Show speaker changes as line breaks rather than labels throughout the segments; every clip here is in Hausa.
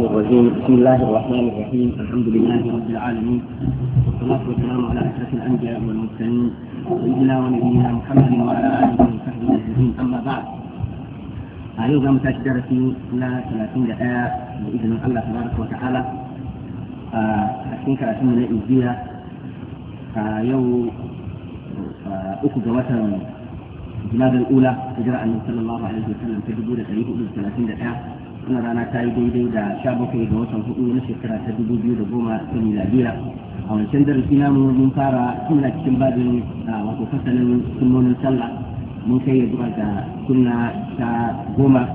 الرجيم بسم الله الرحمن الرحيم الحمد لله رب العالمين والصلاة والسلام على أشرف الأنبياء والمرسلين سيدنا ونبينا محمد وعلى آله وصحبه أجمعين أما بعد أيضا زمن تشدرتي لا 30 دقائق بإذن الله تبارك وتعالى آه، أشكرك على سنة آه، يوم أخذ وثن جماد الأولى إجراء أن صلى الله عليه وسلم تجدون 330 دقائق wannan rana ta yi daidai da sha bakwai ga watan hudu na shekara ta dubu biyu da goma ta miladiya a wancan darasi namu mun fara suna cikin babin wato fasalin sunnonin sallah mun kai ya zuwa ga suna ta goma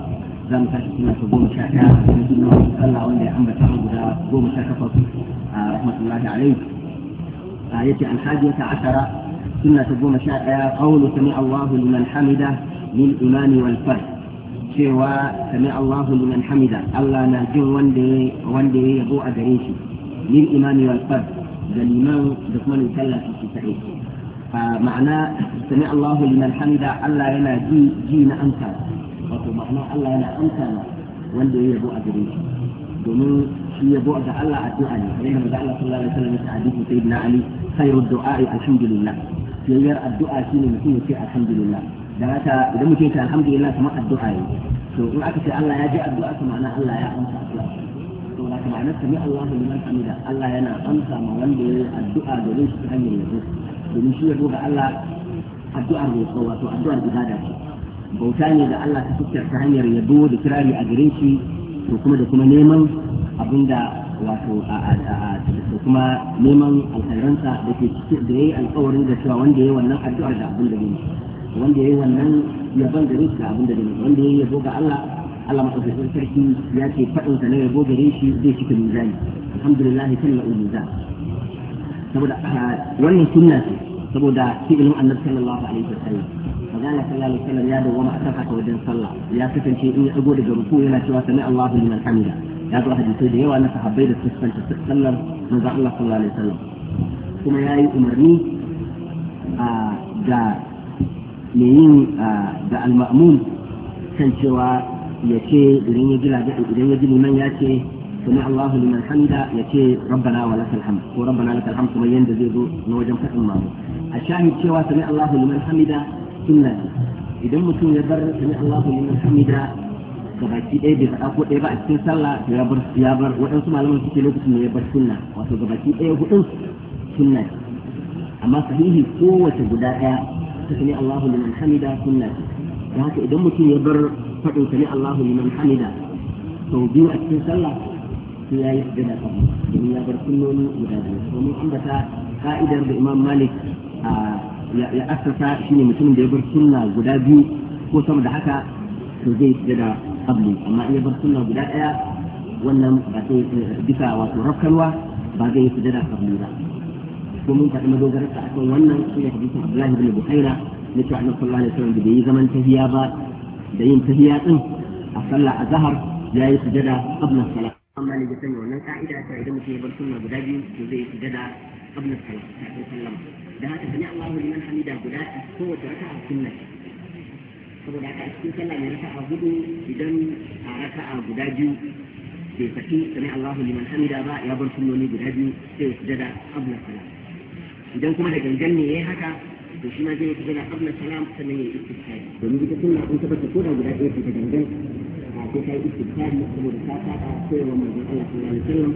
za mu tashi suna ta goma sha ɗaya cikin sunnonin sallah wanda ya ambata guda goma sha takwas a rahmatullahi alaihi ta goma sha ɗaya, قوم sami allahu liman hamida لمن imani wal fard cewa sami Allahu liman hamida Allah na jin wanda ya wanda ya yabo a gare shi lil imami wal fard da liman da kuma min sallah su tsaye ma'ana sami Allahu liman hamida Allah yana ji ji na amsa wato ma'ana Allah yana amsa na wanda ya yabo a gare shi domin shi yabo da Allah addu'a ne kamar yadda Allah sallallahu alaihi wasallam ya hadisi sayyidina Ali khairu du'a alhamdulillah yayyar addu'a shine mutum ya ce alhamdulillah da haka idan mutum ta alhamdulillah kamar addu'a ne to in aka ce Allah ya ji addu'a ta ma'ana Allah ya amsa addu'a to na kuma na sami Allahu liman hamida Allah yana amsa ma wanda ya addu'a domin shi hanyar yabo domin shi yabo ga Allah addu'a ne ko wato addu'ar ibada ce bauta ne da Allah ta fitar ta hanyar yabo da kirari a gare shi to kuma da kuma neman abinda wato da kuma neman alkhairansa da ke da yayi alƙawarin da cewa wanda yayi wannan addu'ar da abin da ne wanda yayi wannan yaban gare shi abin da dai wanda yayi yabo ga Allah Allah madaukakin sarki ya ce fadin sa ne yabo gare shi zai cika mizani alhamdulillah kalla mizan saboda ah, wannan sunna ce saboda fi'ilin annabi sallallahu alaihi wasallam magana sallallahu alaihi wasallam ya dawwama akan haka wajen sallah ya kasance in ya dago daga ruku yana cewa sami Allahu liman hamida ya zo hadisai da yawa na sahabbai da suka sallar manzo Allah sallallahu alaihi wasallam kuma yayi umarni a ah, ga Me yi da al-ma'mum kan cewa ya ce idan ya gila idan ya ji liman ya ce sami Allahu liman hamida ya ce rabbana wa lakal hamd ko rabbana lakal hamd kuma yanda zai zo na wajen fadin mamu a shahid cewa sami Allahu liman hamida sunna idan mutum ya bar sami Allahu liman hamida gabaki ɗaya bai faɗa ko ɗaya ba a cikin sallah ya bar ya bar waɗansu malaman suke lokacin da ya bar sunna wato gabaki ɗaya hudun sunna amma sahihi kowace guda ɗaya sami Allahu liman hamida sunna ce da haka idan mutum ya bar faɗin sami Allahu liman hamida sau biyu a cikin sallah sai ya yi sujada kafa domin ya bar sunnoni guda biyu domin inda ta ka'idar da Imam Malik ya asasa shine mutumin da ya bar sunna guda biyu ko sama da haka to zai sujada qabli amma in ya bar sunna guda ɗaya wannan ba sai bisa wato rakkalwa ba zai yi sujada qabli ba ka mun dogara ta akan wannan shi ne hadisin Abdullahi bin Buhaira na cewa Annabi sallallahu alaihi wasallam da yi zaman tahiya ba da yin tahiya din a sallah azhar yayi sujada qabla salat amma ne da sanya wannan ka'ida ta idan mutum ya bar sunna guda biyu to zai sujada qabla salat kafin da haka sani Allahu liman hamida guda kowace raka'a sunna saboda haka a cikin sallah mai raka'a hudu idan a raka'a guda biyu bai faɗi sani Allahu liman hamida ba ya bar sunnoni guda biyu sai ya sujada qabla salat idan kuma da gangan ne ya yi haka to shi ma zai yi na qabla salam sannan ya yi istighfari domin ita sunna in tabbata ko da guda ɗaya ce ta gangan a ko yi istighfari saboda ta saba koyarwar manzon Allah sallallahu alaihi wasallam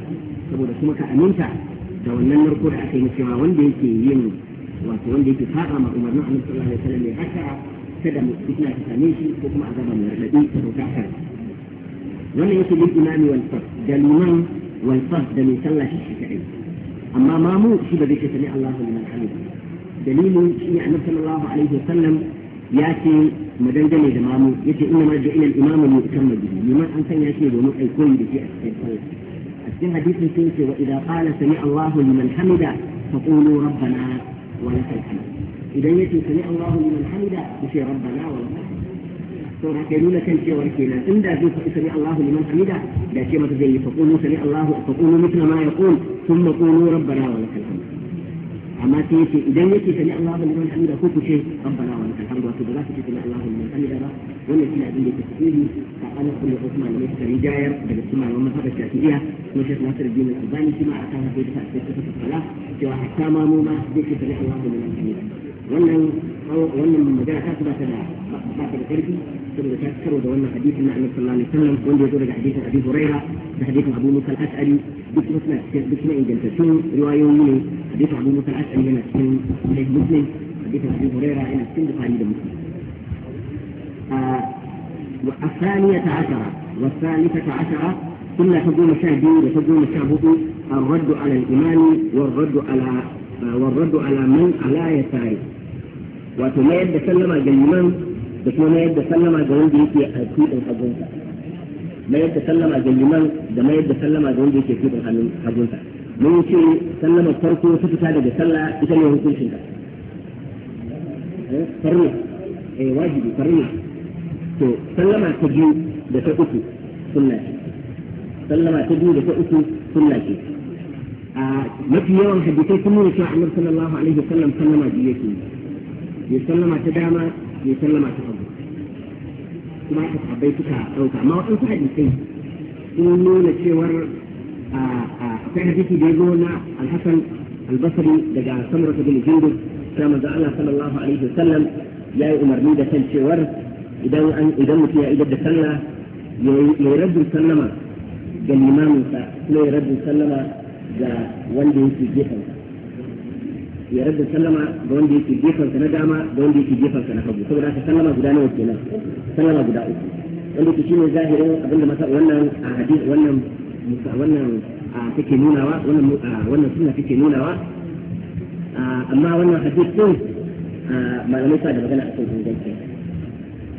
saboda kuma ka aminta da wannan narko da aka yi cewa wanda yake yin wato wanda yake saba ma umarnin Allah sallallahu alaihi wasallam ya haka kada mu fitna ta same shi ko kuma azaba mai radadi ta ta haka wannan yake lil imami wal fard da liman wal fard da mai sallah shi kadai أما ما موجب بك سمع الله لمن حمده دليل شيء النبي صلى الله عليه وسلم ياتي مدندني إمامه يأتي إنما إلى الإمام المؤتم به لما أن كان يأتي دون أي بشيء أكثر في حديث سيف وإذا قال سمع الله لمن حمده فقولوا ربنا ولك الحمد إذا يأتي سمع الله لمن حمده يشي ربنا ولك الحمد saboda haka ya nuna kan cewar kenan inda zai faɗi sami Allahu liman hamida da ce mata zai yi faqulu sami Allahu faqulu mithla ma yaqul thumma qulu rabbana wa lakal hamd amma sai yace idan yake sami Allahu liman hamida ko ku ce rabbana wa lakal hamd wato ba za ku ce sami Allahu liman hamida ba wannan shi ne abin da ke tsiri a anas bin Uthman ne suka rijayar daga cikin malaman mazhabar Shafi'iyya kuma Sheikh Nasiruddin Al-Albani shi ma akan haka da sai suka fara cewa hatta ma mu ma zai ce sami Allahu liman hamida wannan wannan magana ta ba ta da ba ta da karfi saboda ta karo da wannan hadisin na annabi sallallahu alaihi wasallam wanda ya zo daga hadisin Abi Hurairah da hadisin Abu Musa al-Ash'ari duk suna cikin duk suna ingantattun riwayoyi ne hadisin Abu Musa al-Ash'ari yana cikin Sahih Muslim hadisin Abi Hurairah yana cikin Bukhari da Muslim الثانية عشرة والثالثة عشرة كلها تقول شاهدين وتقول شاهدوا الرد على الإمام والرد على والرد على من على يساره وتميز سلم الإمام da kuma mayar da sallama ga wanda yake a tuɗin hagunsa mayar da sallama ga liman da mayar da sallama ga wanda yake tuɗin hannun hagunsa mun ce sallama farko ta fita daga sallah ita ne hukuncin ka farne eh wajibi farne to sallama ta biyu da ta uku sunna ce sallama ta biyu da ta uku sunna ce a mafi yawan hadisai sun nuna cewa annabi sallallahu alaihi wasallam sallama biyu yake ya sallama ta dama ya sallama ta farko kuma haka sahabbai suka ɗauka amma waɗansu hadisai sun nuna cewar akwai hadisi da ya zo na alhassan albasari daga samurata bin jinduk ta maza Allah sallallahu alaihi wasallam ya yi umarni da kan cewar idan an idan mutum ya idar da sallah ya yi raddin sallama ga limaminsa kuma ya raddin sallama ga wanda yake gefensa ya sallama da wanda yake gefansa na dama da wanda yake gefansa na hagu saboda haka sallama guda nawa kenan sallama guda uku wanda ke shine zahirin abinda masa wannan a hadis wannan wannan take nunawa wannan wannan sunna take nunawa amma wannan hadisi din malamai sa da magana akan inganci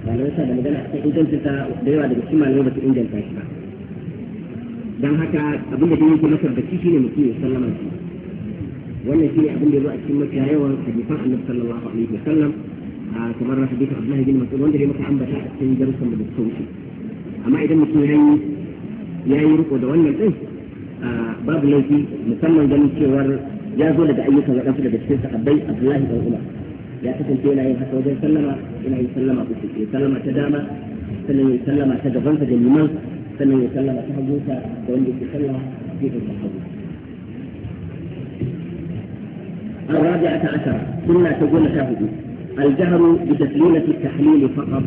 malamai sa da magana akan inganci ta da yawa daga cikin malamai ba su inganta shi ba dan haka abinda da yake nasar da shi shine mutum ya sallama shi wannan shine abin da ya zo a cikin mafiya yawan hadisan annabi sallallahu alaihi wasallam kamar na hadisin abdullahi bin mas'ud wanda dai muka ambata a cikin darussan da suka wuce amma idan mutum ya yi ya yi riko da wannan din babu laifi musamman ganin cewar ya zo daga ayyukan waɗansu daga cikin sahabbai abdullahi bin umar ya kasance yana yin haka wajen sallama yana yin sallama ku ce sallama ta dama sannan ya sallama ta gabansa da liman sannan ya sallama ta hagunsa da wanda ke sallama da hagu الرابعة عشرة ثم تقول شاهد الجهر بتسليمة التحليل فقط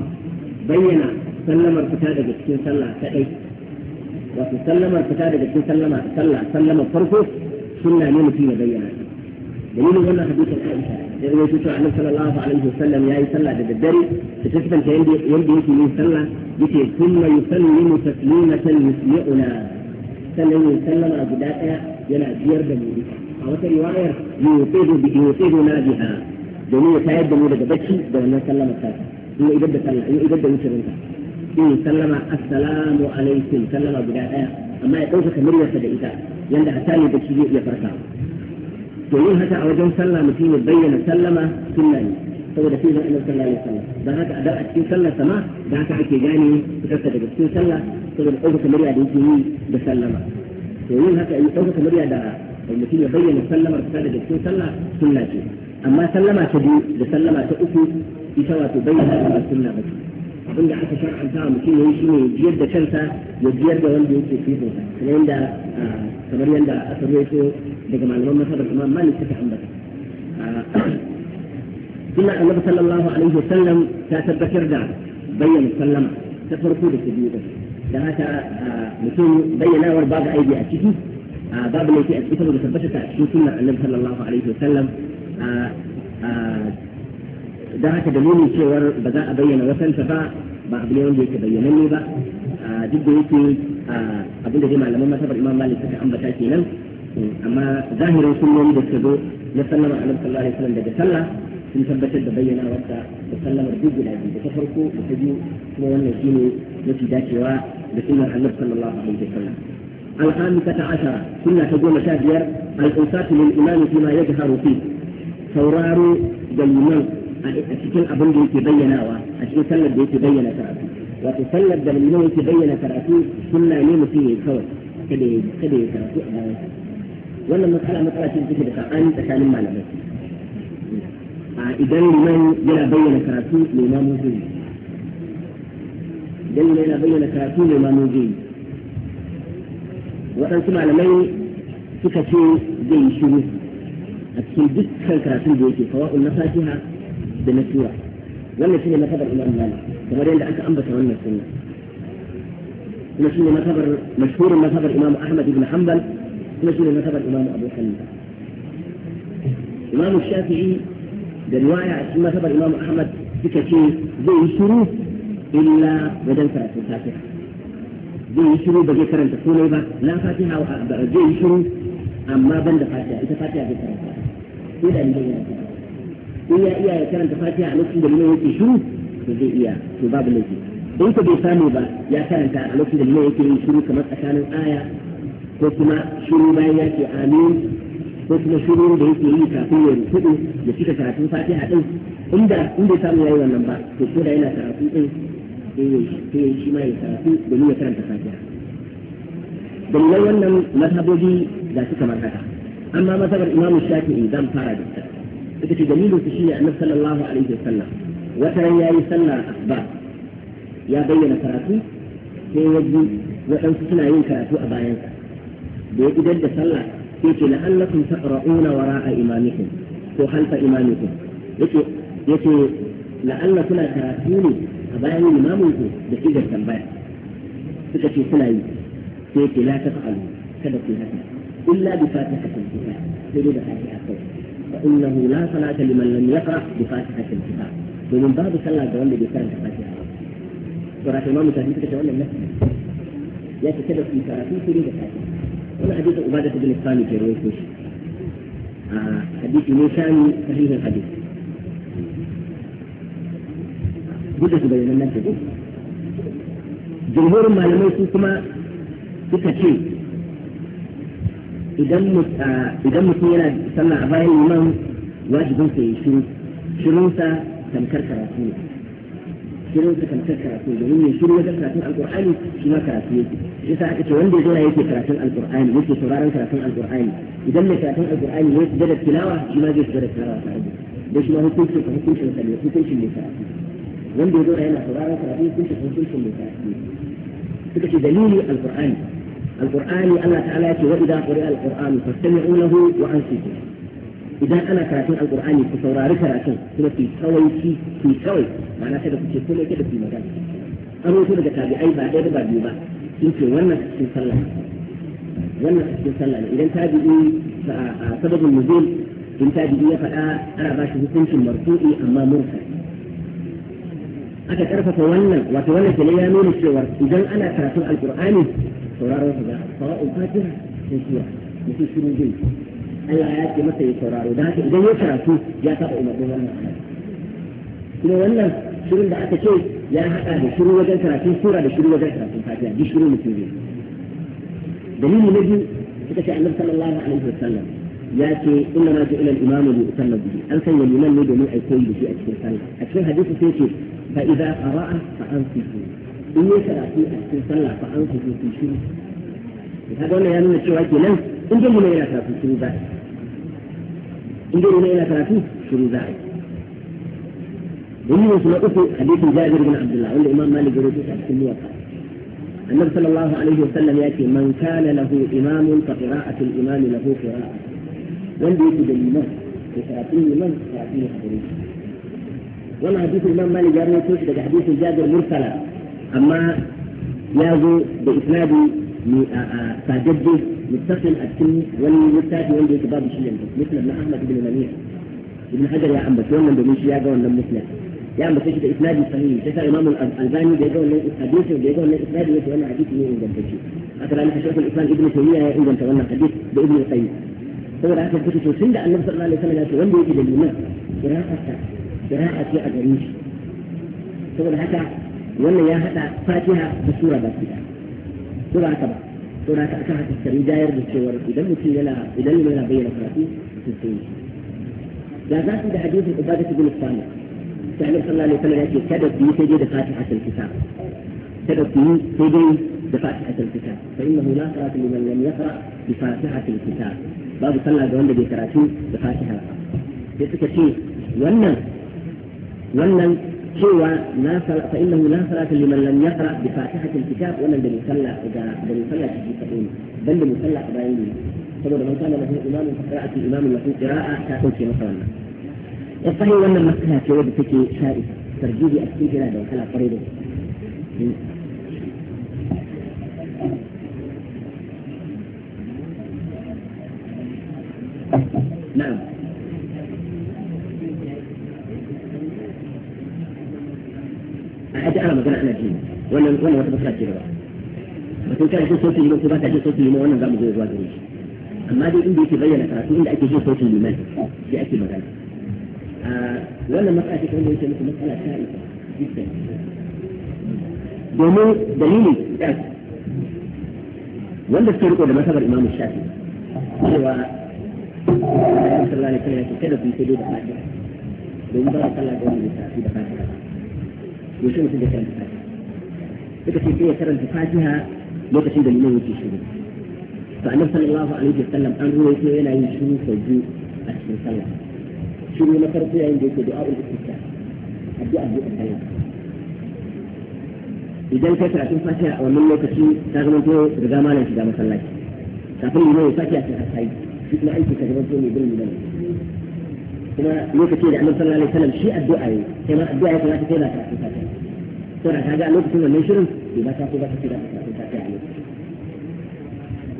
بين سلم القتادة بسكين سلة كأي سلم القتادة بسكين سلة سلة سلم الفرقه سنة من فيما بينا دليل هنا حديث عائشة يقول يشوف عليه صلى الله عليه وسلم يا يسلى بالدري تكتب انت يندي يمكن يسلى يتي ثم يسلم تسليمة يسمعنا سلم يسلم أبو داتا ينا بيرد من أو رواية يوقظنا بها جميع سيد جميل جبتشي بأن سلم السلام إنه إبدا سلم إنه إبدا يوسف إنه سلم السلام عليكم سلم بداية أما يقول لك مريا سجئتا يندى حسان يبتشي يفرقا جميل حتى أوجه سلم فيه بيّن سلم سلم فهو دفيه أنه سلم سلم سلم بعد أداء أكيد سلم سما بعد أكيد جاني فكرت جبتشي سلم فهو يقول لك مريا دي سلم فهو يقول لك مريا دي سلم ولكن يبين سلم رسالة دكتور سلا سنة جي أما سلم تدي لسلم تأكو يتوى تبين سلم سنة بس عند حتى شرح انتهى المتين يشيني جيد دكتور يجيد دون دي في فيه سنة يعني عند سمري آه، عند أسرويته دكما لما مصر الإمام ما نستطيع عن بس سنة آه، النبي صلى الله عليه وسلم تأتب بكر دعا بين سلم تفرقوا بس دي بس دهاتا آه، متين بينا ورباب أيدي أكيد بعض من فئه اسمه بثبتت في سنه النبي صلى الله عليه وسلم آه، آه، ده كدليل شوار بدا ابين وسن فبا بعض اليوم دي كبينني با جد يكي ابو دي معلم ما سبب امام مالك كان ام بتاكي نن اما ظاهر سنن ده كدو يسلم على النبي صلى الله عليه وسلم ده صلى في ثبت بينا وقت يسلم رجوج العبد بتفرقه وتجي مو ان الدين يتي وا بسم الله صلى الله عليه وسلم الخامسة عشرة كنا تقول شاهدير الإنصات للإمام فيما يظهر فيه فورار دليمان أشكل أبن دي تبين أوا أشكل سلب دي تبين سرعته وتسلب دليمان تبين سرعته كنا نيم فيه الخوف كده كده سرعته ولا مسألة مسألة تنتهي بها أنت كلمة لا بس إذا لمن جرى بين سرعته لإمام الدين إذا لمن بين سرعته لإمام الدين waɗansu malamai suka ce zai yi shiru a cikin dukkan karatun da yake sawa'un na fatiha da na sura wannan shine matabar imam malik kamar yadda aka ambata wannan sunna kuma shine matabar mashhurin matabar imam ahmad ibn hanbal kuma shine matabar imam abu hanifa imam shafi'i da riwaya a cikin matabar imam ahmad suka ce zai yi shiru illa wajen karatun fatiha zai yi shiru ba zai karanta komai ba la fatiha zai yi shiru amma ban da fatiha ita fatiha zai karanta ko da inda yana in ya iya ya karanta fatiha a lokacin da mai yake shiru to zai iya to babu laifi in ka bai samu ba ya karanta a lokacin da mai yake yin shiru kamar tsakanin aya ko kuma shiru bayan ya ce amin ko kuma shiru da yake yi kafin ya rufudu ya cika karatun fatiha din inda inda samu yayi wannan ba to ko da yana karatu din في في شمال في domin ya karanta fatiha dalilai wannan mazhabobi da suka marhaka amma mazhabar imam shafi'i zan fara da ita ita ce dalilin su shine annabi sallallahu alaihi wasallam wata ran yayi sallar asba ya bayyana karatu sai ya ji waɗansu suna yin karatu a bayansa da ya idan da sallah sai ce la'allakum taqra'una wara'a imamikum ko halfa imamikum yake yake la'alla kuna karatu ne a bayan limamin ku da igar tambaya suka ce suna yi sai ce la ta fa'alu kada ku haka illa bi fatihatil kitab sai dai da fatiha kai fa innahu la salata liman lam yaqra bi fatihatil kitab domin babu sallah ga wanda bai karanta fatiha ba to ra imamu tafi suka ce wannan nafi ya ce kada ku karatu sai dai da fatiha wannan hadisin ubada ibn sami ke rawaito shi a hadisi ne sami sahihin hadisi duk da bai nan take jumhurin malamai su kuma suka ce idan mutum yana sallah a bayan liman wajibin sa ya shiru sa tamkar karatu ne sa tamkar karatu domin ya shiru wajen karatun alkur'ani shi ma karatu yake yasa aka ce wanda yana yake karatun alkur'ani yake sauraron karatun alkur'ani idan mai karatun alkur'ani ya sujada tilawa shi ma zai sujada tilawa tare da shi ma hukuncin hukuncin sa ne hukuncin ne karatu من بدون هنا القرآن الكريم كنت كنتم كنت في دليل القرآن القرآن الله تعالى وإذا قرئ القرآن فاستمعوا له وأنصتوا إذا أنا كاتب القرآن كثورة ركرة كنت في سوي في في سوي معنى كده كنت كنت كده في مكان أنا كنت كتابي أي بعد أي بعد يبقى كنت وانا كنت صلى وانا كنت صلى إذا انت هذه سبب النزول انت هذه فأنا باشي كنت مرفوعي أما مرسل aka karfafa wannan wato wannan ke ya nuna cewa idan ana karatun alkur'ani sauraron su da sawa'un fatiha ko sura mutum shiru zai Allah ya ce masa ya sauraro da haka idan ya karatu ya taɓa umarnin wannan kuma wannan shirin da aka ce ya haɗa da shiru wajen karatun sura da shiru wajen karatun fatiha duk shiru mutum zai dalili na biyu suka ce annabi sallallahu alaihi wasallam ya ce inna ma ja'ila al-imamu li yusalli bihi an sanya liman ne domin ai koyi da shi a cikin sallah a cikin hadisi sai ce فإذا قرأ فأنصتوا إن يسأل في صلى فأنصفوا في شروع هذا ما يمنع شروع لن إن جمعنا إلى ثلاثة شروطات ذلك إن جمعنا إلى ثلاثة شروطات ومن ومن في حديث جابر بن عبد الله والإمام مالك بن في الموقع النبي صلى الله عليه وسلم يأتي من كان له إمام فقراءة الإمام له قراءة وندي يجد الإمام يسأل الإمام يسأل حديث وما حديث الإمام مالك جاب توجد بحديث جابر مرسلا أما يازو بإسناد ساجد متصل السن والمتاتي عنده كباب الشيعة مثل ابن أحمد بن منيع ابن حجر يا عم بس يوم يا شيعة لم مسلم يا عم بس باسناد إسنادي صحيح شيخ الإمام الألباني بيقول لي حديثه بيقول لي اسناد وأنا وين حديث مين عند الفجر أترى أنت شيخ الإسلام ابن تيمية يا عند أنت حديث بابن القيم هو راح يكتب في سند النبي صلى الله عليه وسلم يقول لي إذا لم يكن راح يكتب قراءة أدريش سورة هكا ولا يا حتى فاتها بسيطة بس هكا سورة هكا سورة هكا تستري داير بالسورة إذا مثل لا إذا لم لا بين فراتي تستري لا زالت في حديث عبادة بن الصالح صلى الله عليه وسلم يأتي كذب في سجد فاتحة الكتاب كذب في سجد فاتحة الكتاب فإنه لا صلاة لمن لم يقرأ بفاتحة الكتاب باب صلى الله عليه وسلم بفاتحة الكتاب يتكتير وأنه ولم هو لا صلاة فإنه لا صلاة لمن لم يقرأ بفاتحة الكتاب ولا بمصلى إذا بمصلى تشجيعين بل بمصلى قبائلين saboda man kana lahu imamun fa qira'atu imamun lahu qira'a ta dauke masa wannan yasahi wannan maslaha ce wadda take shari tarjibi a cikin yana da wahala kwarai da na'am حتى انا ما قرأنا الدين ولا ولا ما تبقى الدين بس ان كان يجوز صوتي لمن كبات يجوز صوتي لمن وانا زعما جوز واجب اما دي عندي يتبين كراتي عندي اكيد يجوز صوتي لمن في اكيد مكان ولا مسألة تقول لي مسألة شائكة جدا domin dalili ɗan wanda suke riko da masabar imam shafi cewa Allah sallallahu alaihi wasallam ya ce kada ku yi sai da fatiha domin ba sallah da wani يتم سند سر الفاتحة فكتب فيها سر الفاتحة ليس عند الإمام في الشروط فأنا صلى الله عليه وسلم أمره ويتم إلى يشروع فجوء أشهر صلى شروع مصر فيها عند دعاء الاستفتاح الدعاء الدعاء الدعاء إذا كانت عشان فاتحة ومن لو كتير تغنم فيه رغمانا في دعم صلى تقول لي مو فاتحة في الحسين فتنة أنت تغنم فيه من دون من كما لو كتير عمل صلى الله عليه وسلم شيء الدعاء كما الدعاء في الفاتحة ko da ta ga a lokacin wannan shirin bai ba ta ko ba ta ce ba ta ta a lokacin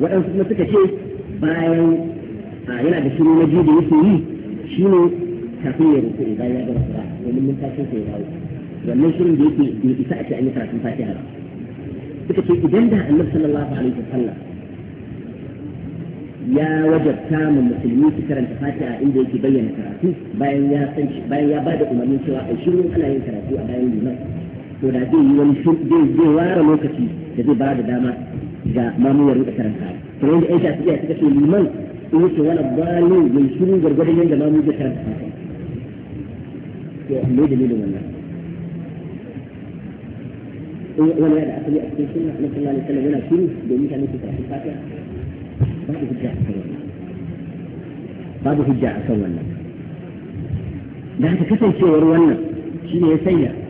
waɗansu kuma suka ce bayan yana da shiru na biyu da yake yi shi ne kafin ya rufe bayan ya gama sura domin mun tashi sai ya dawo wannan shirin da yake bai isa a ce an yi karatun fatiha ba suka ce idan da annabi sallallahu alaihi wasallam ya wajabta mu musulmi su karanta fatiha inda yake bayyana karatu bayan ya bayan ya bada umarnin cewa a shiru ana yin karatu a bayan liman to da zai yi wani zai zai ware lokaci da zai bada dama ga mamuyar da karanta to yanzu aisha suke suka ce liman in yake wani bayan mai shiru gargadin yanda mamuyar da karanta to me dalilin wannan eh, wani yada asali a cikin suna na sallallahu alaihi wasallam yana shiru domin mutane su karanta fatiha babu hujja a kan wannan babu hujja a kan wannan da haka kasancewar wannan ne ya sanya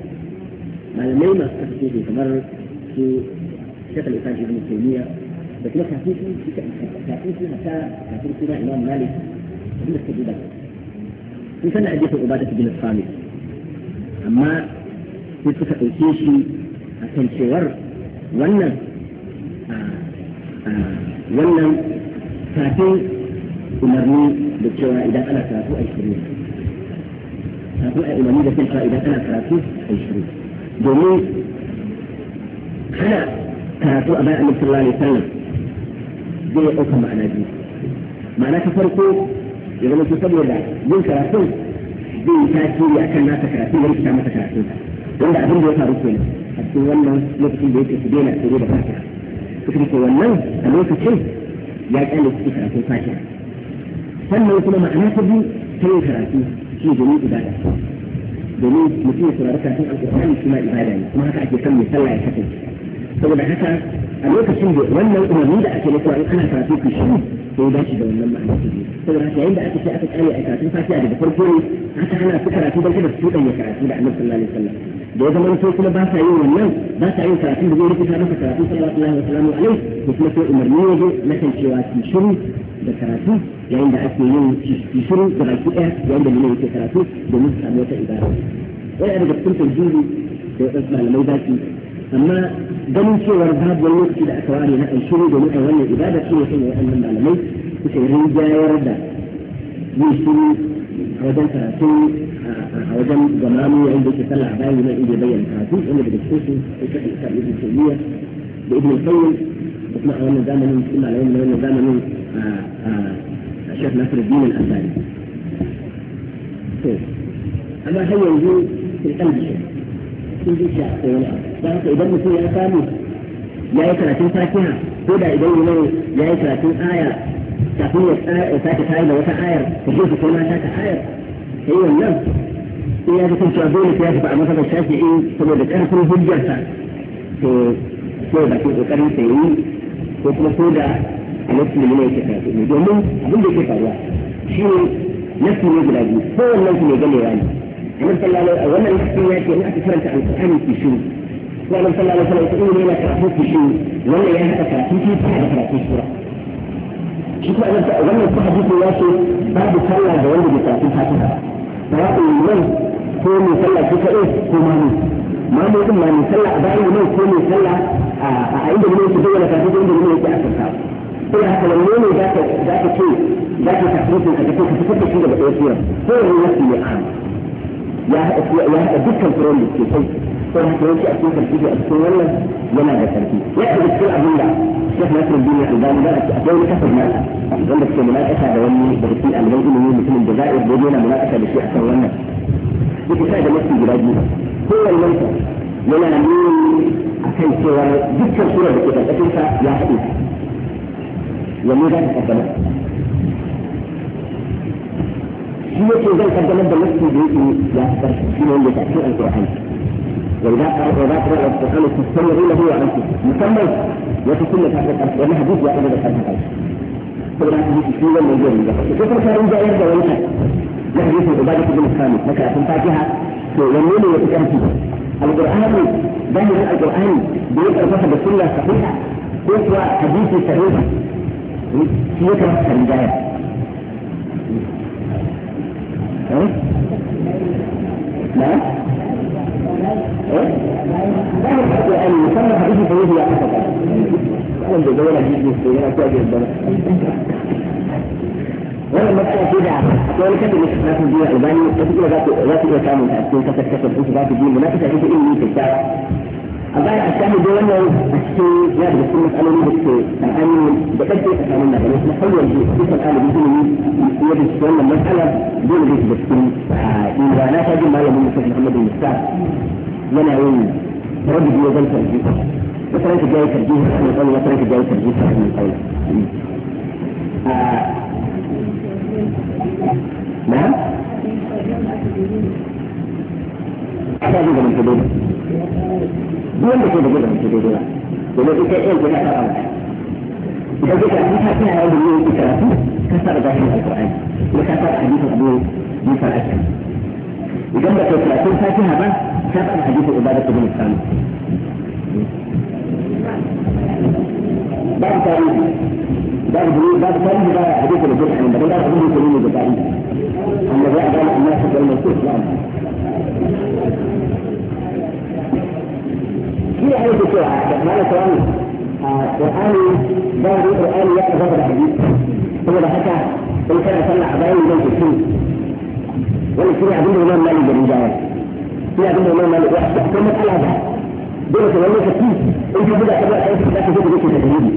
العلميه تفسير متمرد في شيخ الاسلام ابن تيميه بس ما كان في في كان في حتى كان في فيها امام مالك من التجربات في سنه حديث عباده بن الصامت اما في صفه الكيشي عشان شور ولا آه، آه، ولا كافي تمرني بالشواء اذا انا كافو اي شريف كافو اي امامي لكن اذا انا كافو اي شريف domin kana karatu a bayan annabi sallallahu alaihi wasallam zai ya ɗauka ma'ana biyu ma'ana ta farko ya zama saboda yin karatun zai yi tasiri kan nasa karatun ya rikita masa karatun wanda abin da ya faru kenan a cikin wannan lokacin da yake su daina tsere da fatiha suka ce wannan a lokacin ya kyale su karatun fatiha sannan kuma ma'ana ta biyu ta yin karatu shi domin ibada domin mutum ya saurari karatun alƙur'ani shi ma ibada ne kuma haka ake son mai sallah ya kasance saboda haka a lokacin da wannan umarni da ake na kuma ana karatu ku shi to ya dace da wannan ma'ana saboda haka yayin da aka ce aka tsare a karatun fatiha daga farko ne aka hana su karatu don kada su ɗanya karatu da annabi sallallahu alaihi wasallam da ya zama so kuma ba sa yin wannan ba sa yin karatu da zai rubuta masa karatu sallallahu alaihi wasallam da kuma sai umarni ya zo na kan cewa ki shiru da karatu yayin da ake yin ki shiru da baki ɗaya yayin da mutum yake karatu domin su samu wata ibada wani daga cikin tajiri da wasu malamai za su amma ganin cewar babu wani lokaci da aka ware na kan shiru domin a wannan ibada shi ne sanya waɗannan malamai kuke rinjayar da yin shiru a wajen karatu a wajen zamanu yayin da ke sallah bayi na inda bayyana karatu inda daga cikin su sai ka ɗauka ibn taymiya da ibn qayyim da kuma a wannan zamanin cikin malamin na wannan zamanin a shekh nasiruddin al-albani to amma har yanzu sai kan sun zuciya akwai wani abu don haka idan mutum ya samu ya yi karatun fatiha ko da idan ya yi karatun aya تكون فاتت هاي لو تخير تجوز كل ما تخير هي النفس إذا كنت تعبون في هذا مثلا الشافعي ثم ذكركم في الجلسة في سورة في ذكر سيئين وكما سورة الاسم من أقول الجميل كيف الله شيء نفس البلاد هو الناس اللي قال لي يعني؟ النبي صلى الله عليه وسلم ولا الاحتياج يعني أنت تكلمت عن القرآن في شو وأنا صلى الله عليه وسلم يقول لي لا تقرأ في شو ولا يا أنت تقرأ في شو تقرأ في سورة shi kuma wannan su hadisi ya ce babu sallah ga wanda bai karatu fatiha salatu liman ko mai sallah shi kaɗai ko mamu mamu din ma mai sallah a bayan liman ko mai sallah a inda liman su bayyana kafin inda liman yake a sauka ko da haka wanne ne za ka za ka ce za ka tafsirin ka ko ka fitar da shi daga ɗaya sura ko wani wasu ya ya haɗa dukkan furon da ke kai ko haka yake a cikin karfi a cikin wannan yana da karfi yana da cikin abin da shekh nasiru bin al-albani da akwai wani kasar nasa wanda suke munakasa da wani da cikin alban ilimi mutumin da za'ir da yana munakasa da shi akan wannan duk sai da mafi guda biyu kowannen yana nuni akan cewa dukkan surar da ke karkashin sa ya haɗe wanne za ta kaddamar shi yake zan kaddamar da mafi da yake ya fitar shi ne wanda ta cikin alƙur'ani وإذا قرأت وإذا قرأت القرآن تستمعون له وأنتم مسمى وتكون تحت وما حديث وأحد الحديث فلا حديث شيئا من غير ذلك وكما كان جاء يرجع وينحى يحدث عبادة بن الخامس لك في الفاتحة ومن يتكلم القرآن دائما القرآن بيقرأ صاحب السنة صحيحة يقرأ حديث صحيحة يكره الهداية لا يعني يسمى حديث فيه يا أحمد wanda da wani jiki ko yana kuwa da yadda wannan matsala ce da ta wani kasa da ta fi biya albani ta fi za iya samun a cikin kasar kasar su za ta biya munafika ita ilimi kyakkyawa amma a samu da wannan a cikin ya da cikin matsaloli da suke tsakanin da kake da kuma da ilimi da wannan matsala dole da da cikin ah, na ta jin malamin yana yin wata ranka jayi a kan tsawon wata ranka jayi a kan na? Ana dole. wanda ke da gudan su daidai ba domin ita ɗaya guda ta ɓata ita guda ta ta tana yadda ne yake karatu ka sa da gashin alƙur'ani da ka sa da hadisin abu bisa ake idan ba kai karatun fatiha ba ka sa da hadisin ibadatu bin islamu بعد تاريخ بعد بلوغ بعد تاريخ بعد حديث الجرح من بعد حديث الجرح من التاريخ أما بعد أن الناس في المنصوص نعم في حديث الشيعة معنى القرآن القرآن ظاهر القرآن يقع ظاهر الحديث ثم حتى إن كان صلى عبائي بيت السنة والشيعة عبد الإمام مالك بالرجال في عبد الإمام مالك وأحكمت على هذا دولة الأمة كثير أنت بدأ قبل أن تبدأ تجد بيت التجريبي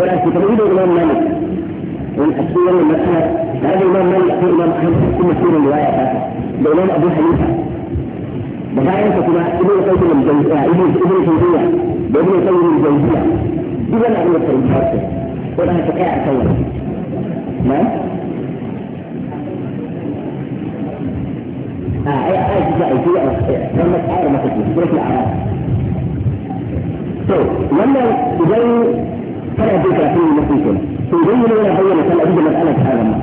ولكن تجريب الإمام مالك والأسئلة المسألة هذا الإمام مالك هو الإمام أحمد في مسؤول الرواية الإمام أبو حنيفة bayan ka kuma ibn qayyim al-jawziya ibn ibn jawziya da ibn qayyim al-jawziya duk wannan abin da karanta su ko da haka kai a kan wani na a ai ai ji ai ji ai wannan ayar maka ji suratul a'raf to wannan idan kana jin karatu ne mutum to idan yana bayyana kan abin da mas'alar ta zama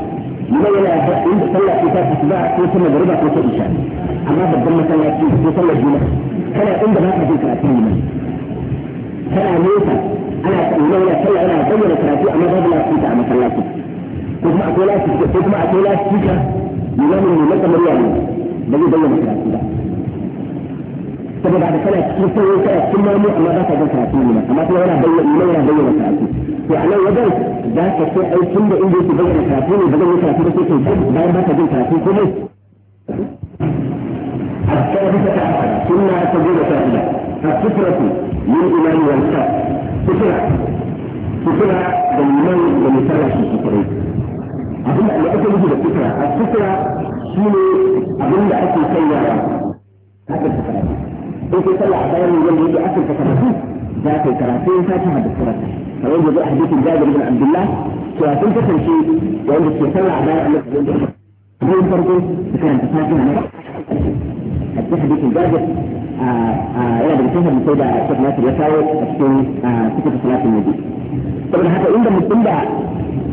يبين لها انت صلى في ثلاث اتباع في سنه ضربه في كل شيء اما بالضمه صلى في صلى الجمعه كان عند ما في ثلاثين كان موسى انا يبين لها صلى انا بين ثلاثين اما ضرب لا في اما صلى في كنت مع كولاس كنت مع كولاس فيك ينام من مكه مريم بل يبين ثلاثين saboda da kana cikin sauran kana cikin mamu amma ba ka ga karatu ne amma kuma yana bayyana yana bayyana karatu to a nan wajen za ka ce ai tun da inda yake bai karatu ne ba zan yi karatu da ke kai bayan ba ka jin karatu ko ne a cikin bisa ta sunna ta gode ta ila
a fitratu min imani wal sa fitra fitra da
liman da
misala shi shi
kare abin da ake nufi da fitra a fitra shi ne abin da ake sanyawa haka ta karatu in kai sallah a bayan ne wanda yake aka karatu za ka yi karatu in ka ci hadda karatu فأنا أقول حديث الجابر بن عبد الله سؤالتين كثير شيء وأنا أتكلم على أن الجابر بن عبد الله كان تفاكين عن حتى حديث الجابر إلى بنتها من سيدة الشيخ ناصر يساوي أشكين كتب صلاة النبي طبعا حتى عندما تنبع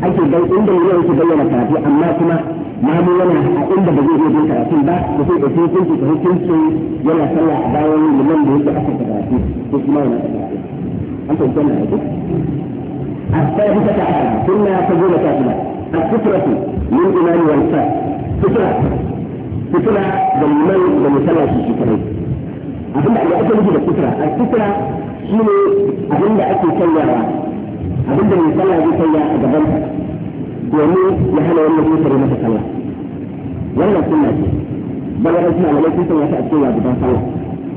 أيضا عندما يقول أنت بيّن الثلاثة أما كما ما بيّن عندما بيّن هذه الثلاثة بعد وفي أسين كنت تهي كنت يلا صلى عباوي لمن بيّن أسين الثلاثة في سماوي أنت الجنة الثالثة عشرة ثم تقول كاتبة من إيمان والإنسان فطرة فطرة بالإيمان والمثلى في الشكرين أبدا يعني أنا أكل جدا الفطرة الفطرة شنو أبدا أكل سيارة أبدا المثلى في سيارة أبدا domin ya hana wannan mutane masa sallah wannan sunna ce bala rasulullahi sallallahu alaihi wasallam ya ta cewa gudan sallah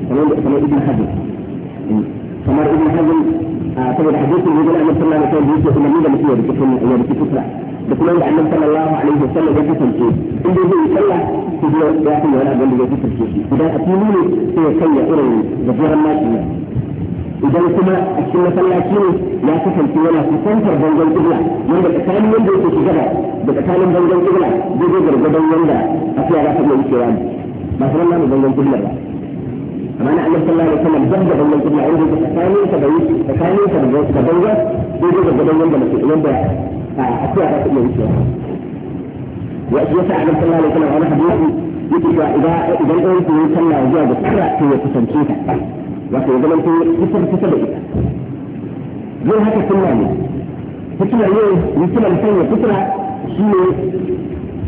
kamar da kamar ibn hajar kamar ibn hazm saboda hadisin da yake annabi sallallahu alaihi wasallam yake kuma ni da mutum yake cikin yake cikin da kuma da annabi sallallahu alaihi wasallam ya kasance in dai zai sallah su biya ya kuma wani abin da zai kasance idan a fili ne sai ya sanya irin gajeren maki ne idan kuma a cikin masallaci ne ya kasance yana kusantar bangon kibla wanda tsakanin wanda yake shiga da tsakanin bangon kibla zai zai gargadon wanda a fiya za ta iya wucewa ne ba sanar na bangon kibla ba معنى أن صلى الله عليه وسلم جهد من ابن عوف الثاني تبين الثاني تبين تبين يجوز التبين عند عند أشياء رسول الله وأشياء أن صلى الله عليه وسلم على حديث يجب إذا إذا الأنس يصلى وجاء بسرعة هي تسمشيها وفي إذا الأنس يسر تسبعها غير هكا السلامي تسمع ليه يسمع لسانه تسمع شيء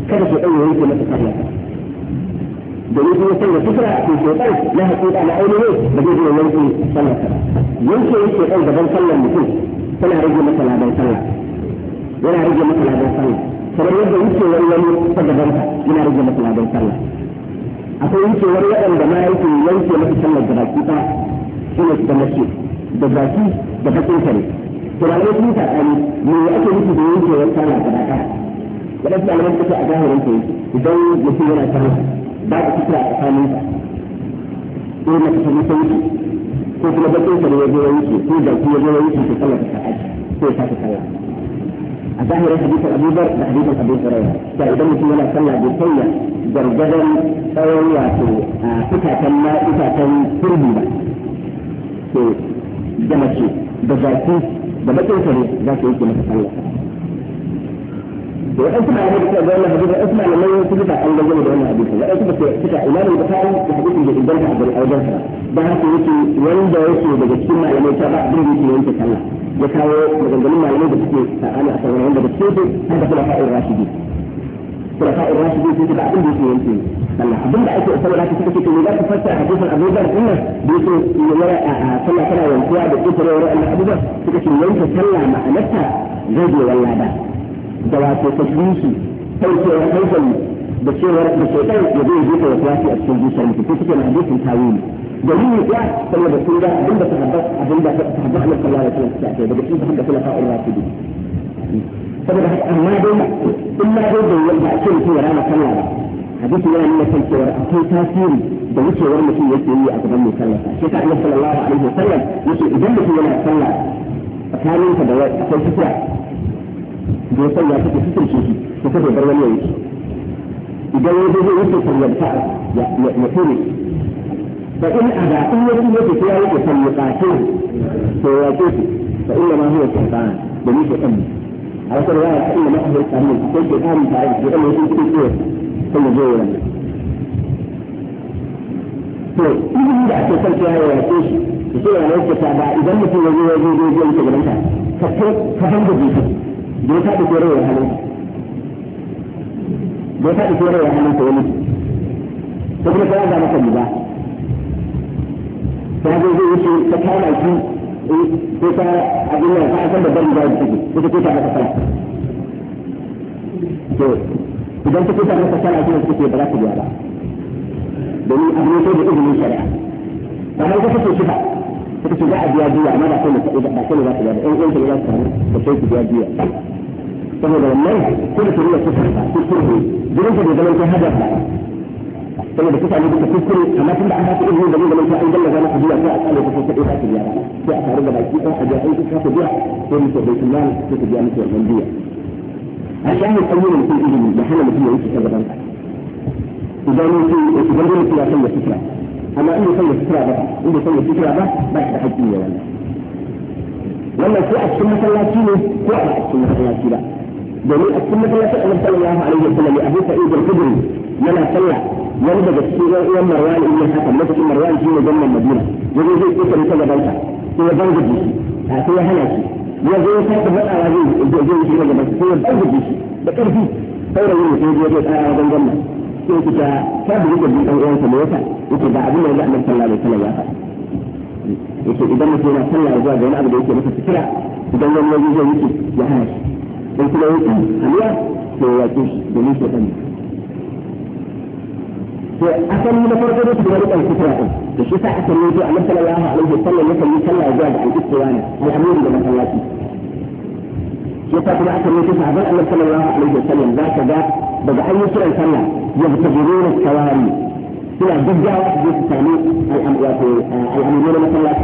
كذا في أول يمكن أن تسمع domin kuma sanya fitra a shaitan na hakika na da zai iya yanke sallar yanke yin gaban sallar mutum tana rage masa labar sallah yana rage masa labar sallah kamar yadda yake wani ta gabanta yana rage masa labar sallah akwai wucewar waɗanda ma yake yanke masa sallar da baki ɗaya shi ne da mace da baki da bakin kare turare sun tsakani me ake nufi da yankewar sallah gaba ɗaya waɗansu alamar suke a zahirin ta idan mutum yana sallah babu fitra a tsakanin ko na ta mutunci ko kuma bakin sa da ya zo yanki ko da ku zo yanki ko sallar ta aji ko ta ta sallah a zahirin hadisin abubuwar da hadisin abu hurairah ta idan mutum yana sallah bai sanya gargadan tsawon wato fitatan na fitatan turbi ba to da mace da zafi da bakin sa ne za su yi sallah واسمع النبي صلى الله عليه وسلم اسمع لما يثبت عن الجنة بأن حديثه لا يثبت تسع إمام البخاري في حديث الذي جنة عبد الأوجه ده في يسي ولد يسي بجسم على ما يتابع دون يسي وانت كلا يكاو مجنون على ما بسيط أنا أصور عند بسيط هذا خلفاء الراشدين خلفاء الراشدين في تبع دون يسي وانت كلا أظن بعد أصور لك سكت في لا تفسر حديث أبو ذر إنه بيسي يرى صلى كلا وانتوا بيسي يرى أن أبو ذر سكت وانت كلا مع نفسه زيد ولا ده da wato tajwisi ɗaukewar hankali da da ya zai jefa a cikin zuciyar mutum ko suke na hadisin tawili ya saboda sun ga abin da abin da suka ce daga cikin saboda amma dai dai ake mutum ya rana sallah ba hadisi yana nuna kan cewa akwai tasiri da wucewar mutum yake yi a gaban mai sallah shi ka Allah sallallahu alaihi wasallam yake idan mutum yana sallah tsakaninka da wani akwai fitra da ya sanya suka cikin shi da suka bar wani yanki idan ya zo yake sallanta ya ya tare fa in ada in yake yake ya yake sallata to ya ce fa inna ma huwa shaytan da ni shaytan a wata riwaya fa inna ma huwa shaytan sai ke kare tare da Allah ya ce ko sai ya zo ya to idan da ake sarki ya yake shi to sai ya yake ta ba idan mutum ya zo ya zo ya yake gaban ka ka ka hanga jikin da ya faɗi kore ya halin da faɗi kore ya halin ta wani ta kuma kawai da maka ta zai zai wuce ta kama shi eh, ko ta abin da ta san babban da take ita ko ta maka sala to idan ta kuta maka sala kuma take ba za ta biya ba domin da izinin shari'a kamar ka kake kifa suka ce za a biya biya amma ba ne biya ba ɗan ta da sai biya biya saboda wannan kuskure ya kusa kuskure gurin da zaman ta hada saboda kusa ne duka kuskure amma tunda an haka izini da zai zaman ta an galla zama ajiya sai a tsale kusa kuɗi a kiriya sai a tare da baki ɗan ajiya an kusa ta biya sai mutu bai kuma sai ta biya mutu wannan biya a shi an yi ƙauyen mutum ilimi da hana mutum ya yi kusa gaban ka idan mutum idan mutum ya san da sutura amma in bai san da sutura ba in bai san da sutura ba ba shi da haƙƙi ne wannan wannan ko a cikin masallaci ne ko a cikin masallaci ba دليل السنة لا تأمر صلى الله عليه وسلم أبو سعيد الخدري لما صلى ينبغ السيرة إلى مروان إلى الحكم لكن مروان في مدن المدينة يقول زي كتر يتجى بلتا هو بلد جيسي هاتي هناسي يقول زي كتر بلتا رجيز يقول زي كتر بلتا هو بلد جيسي بكر فيه طيرا يقول زي كتر بلتا رجل جمع كنت كا كاب يقول بلتا رجل جمع وكا بعدين يجع من صلى الله عليه وسلم يقول إذا ما صلى الله عليه وسلم يقول إذا ما صلى الله عليه وسلم يقول إذا ما صلى الله عليه وسلم يقول قلت له ايه هلية تواتش دونيش وثانية فأكل من فرق دوس بغلق عن كثرة أخر تشي ساحة الموضوع مثلا ياها عليه الصلاة يسا يسلع زاد عن كثرة وانا محمول لما سلاتي يسا تبعة الموضوع سعبا أن صلى الله عليه وسلم ذاك ذاك بعد أي سرع صلى يبتغرون الكواري سرع بجاء واحد يستعمل الأموات الأمورين مثلا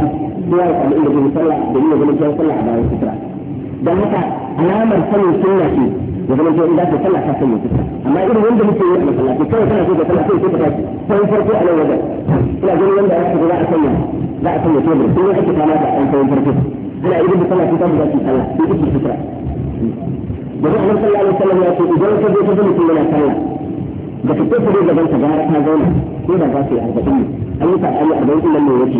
سرع الأمور بن صلى بن صلى بن صلى بن صلى بن صلى بن صلى بن صلى بن صلى بن صلى بن صلى بن صلى بن صلى بن صلى بن صلى بن صلى بن صلى بن صلى بن صلى بن صلى بن alamar sanin sunna ce ya zama to idan ka sallah ka sanya kuka amma irin wanda muke yi a masallaci kawai kana so ka sallah sai ka tashi sai farko a nan wajen ina ganin wanda ya shiga za a sanya za a sanya tebur sai ake kama da an kawai farko ina idan da sallah sai ka buga ki sallah sai ki kuka da zai annabi sallallahu alaihi wasallam ya ce idan ka je ka ga mutum yana sallah da ka tafi da gaban ka gara ka zauna ko da za ka yi arba'in ne an yi ta ayi arba'in nan ne yake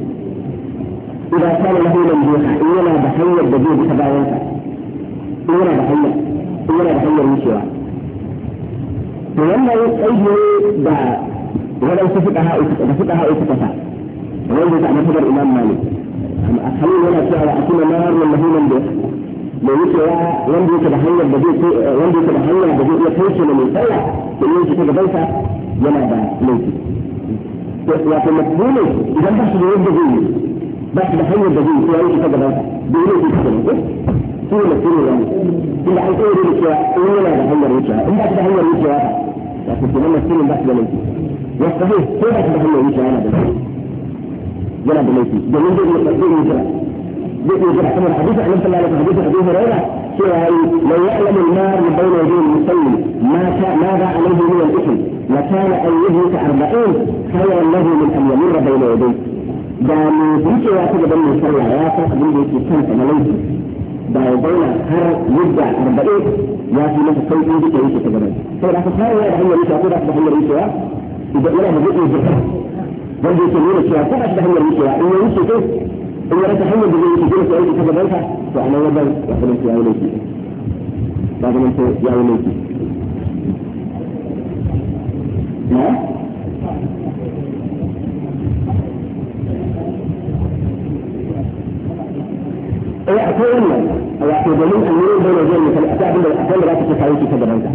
إذا كان له ممدوحة إنما بحية بدون تباين إنما بحية إنما بحية من شواء ولما يتأيه دعا ولو تفقها تفقها تفقها غير دعا مثل الإمام مالك خلينا ولا شعر أكون نار من هي ممدوح لو وندي تبحير بدون وندي تبحير بدون يتوشي من الفلع يمشي كده بيتا ينادى ليتي لكن مقبوله إذا بحث يوجد بس بحل الدين هو ايش كده بيقولوا في كده كل ما كل يعني اللي هيقول لك يا انا بحل الرجاء انت بحل الرجاء لكن لما تكون بس ده ليكي والصحيح كيف بحل الرجاء انا بحل جنب ليكي جنب ليكي كده بيقول في احكام الحديث احنا صلى الله عليه وسلم حديث ابي هريره فيها لو يعلم النار من بين يدي المصلي ما ماذا عليه من الاثم لكان ان يهلك اربعين خيرا له من ان يمر بين يديه da mai zuciya ta gaban mai sallah ya san abin da yake kansa na laifi da ya zauna har yadda arba'in ya fi masa sauƙin duka yake ta gaban sai da aka fara da hanyar yake ko da aka hanyar yake idan yana da zuciya zuciya wanda yake nuna cewa ko da hanyar yake in ya wuce ko in ya rasa hanyar da zai yake gina sai ta gaban ka to a nan wajen ya zama ya yi laifi ya zama ya yi laifi
ويأتي إلا ويأتي دليل أن يريد بين يديه مثل أتى
عند الأقل راتب تساويتي كذا أنت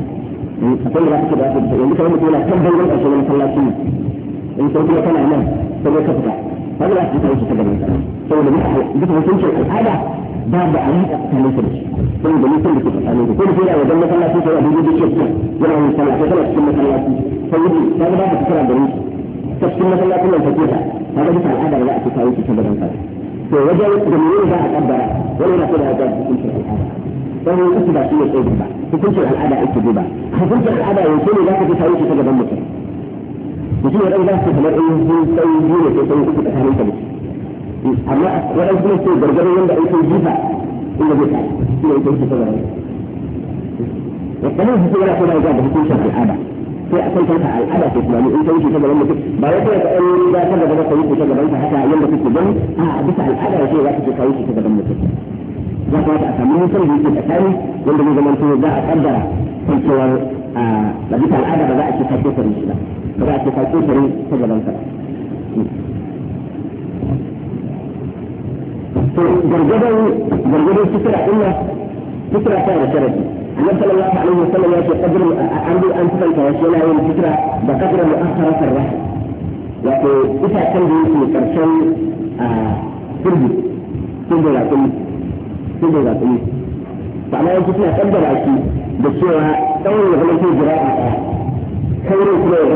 أقل راتب راتب يعني كلام يقول كم بين أشهر من ثلاثين إن كنت كان أمام فلا تفقع هذا راتب تساويتي كذا أنت سوى لم يحل بس ما تنشر هذا باب عميق كان يفرش ثم دليل كل كتب عن يقول فيها وجل مثلا في سورة بيجي to wajen da ne za a kaddara wani yana so da ya hukuncin al'ada wani hukunci ba shi ne tsaye ba hukuncin al'ada ake duba hukuncin al'ada yanzu ne za ka ji tarihi ta gaban mutum mutum ya ɗan za su kamar in sun sai biyu ne ko sai uku tsakanin ka amma waɗansu ne sai gargaɗin wanda an sai jifa inda zai ta shi ne ita ce ta gaban mutum. Wannan hukunci yana so da ya hukuncin al'ada sai a kwanta ta al'ada ko tunani in kai ta gaban mutum ba wai kai ka ɗan riga ta gaba ka yi ta gaban ka haka yanda kake gani a bisa al'ada sai za ka je ka yi ta gaban mutum ka kamata a samu nisan da yake tsakani wanda zai zama to za a kaddara kan cewar a bisa al'ada ba za a ce ka ce kare shi ba ba za a ce ka ce kare ta gaban ka to gargadon gargadon sutura illa فكرة كان شرعي النبي صلى الله عليه وسلم يأتي قدر عندي أن تفنك وشينا يوم الفكرة بقدر مؤخرة الرحم wato itacen da yake karshen a turbi turbin rakumi turbin rakumi ba ma yanzu suna da shi da cewa tsawon ya zamanto jira a ɗaya kaurin kuma ya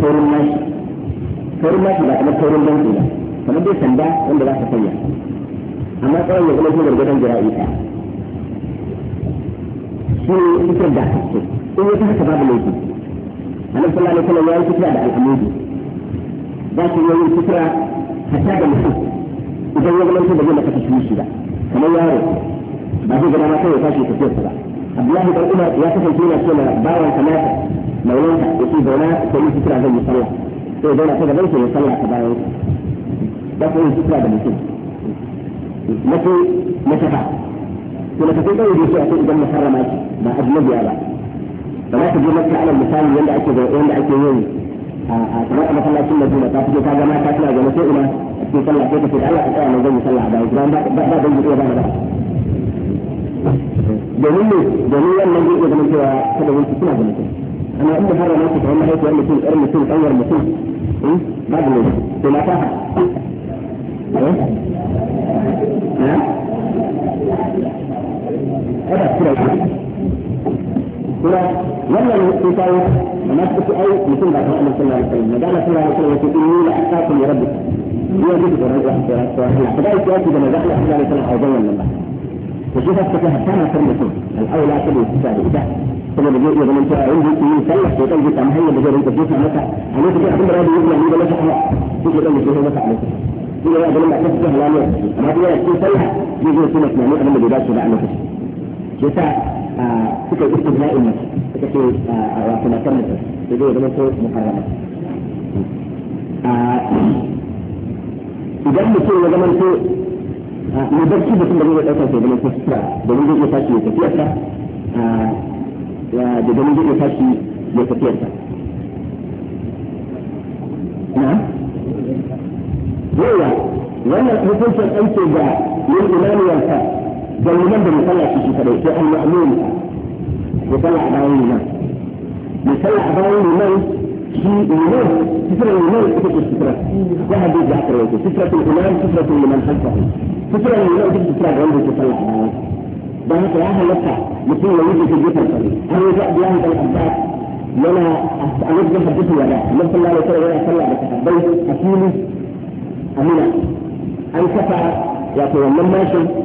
taurin nashi ba kamar taurin banki sanda wanda za ka sanya amma jira'i shi fitar da ce in ya haka babu laifi annabi sallallahu alaihi wasallam ya yi fitra da al'amudi za su yi fitra hatta da mutum idan ya zama da zai maka tashwishi ba kamar yaro ba zai gaba ma kai ya tashi ya tafi ba abdullahi dan umar ya kasance yana ce ma bawan kamata maulanta ya ce zauna ko yi fitra zai yi sallah sai ta gaban shi ya a ta bayan ba ku yi fitra ba ولكن تقدر يجي شيء أكيد دم محرمات ما أجنبي على فلا تجي مكة على المثال ولا أكيد ولا أكيد يوم سواء مثلا كنا جينا تاخذ كذا ما تاكل ولا شيء ما في صلى كيف في الحياة أتى من زي صلى على إجرام بعد بعد زي إيه بعد جميل جميل من جيء من كذا كذا من كذا من كذا أنا أم محرمات فهم هيك أم مسلم أم مسلم أول مسلم ما بنقول خلافها
ها هذا كل شيء
كلا ولا يتساوي نفسك أي مثل ما قال صلى الله عليه وسلم قال صلى الله عليه وسلم إني لأخافكم لربكم هي دي الرجعة فذلك يأتي بما دخل أحد عليه وسلم أو ضمن الله وشوف أفتكها كان فرمتين الأولى كل يتساوي ده ثم بيجي يقول انت عندي في يصلح ويقول لك انا هي بجري انت بتسمع مثلا انا كنت عند راضي يقول لي بلاش حق تيجي تقول لي هو مثلا يقول لك انا بقول لك بس لا لا انا بقول لك يصلح يجي يقول لك يعني انا ما بيبقاش بقى shi sa ah, suka yi istibla'i ne suka ce wato itu, jadi da su zai zama ko muharrama idan mutum ya zama ko na barci mutum da zai ɗaukar sai zama ko sutura domin zai iya tashi ya tafiyarsa da ya جنبا يطلع في شيء كده في المأمون يطلع باين الإمام يطلع باين الإمام في الإمام سترة الإمام تكتب سترة واحد بيجي عشرة يقول سترة الإمام سترة الإمام خلفه سترة الإمام تكتب سترة جنبه تطلع بعين ده صراحة لسه مثل ما يجي في الجسم أنا جاء بيان الأبدات لما أريد جسم جسم ولا النبي صلى الله عليه وسلم صلى بتحبيه أكيلي أمينة أن يا يأتي من ماشي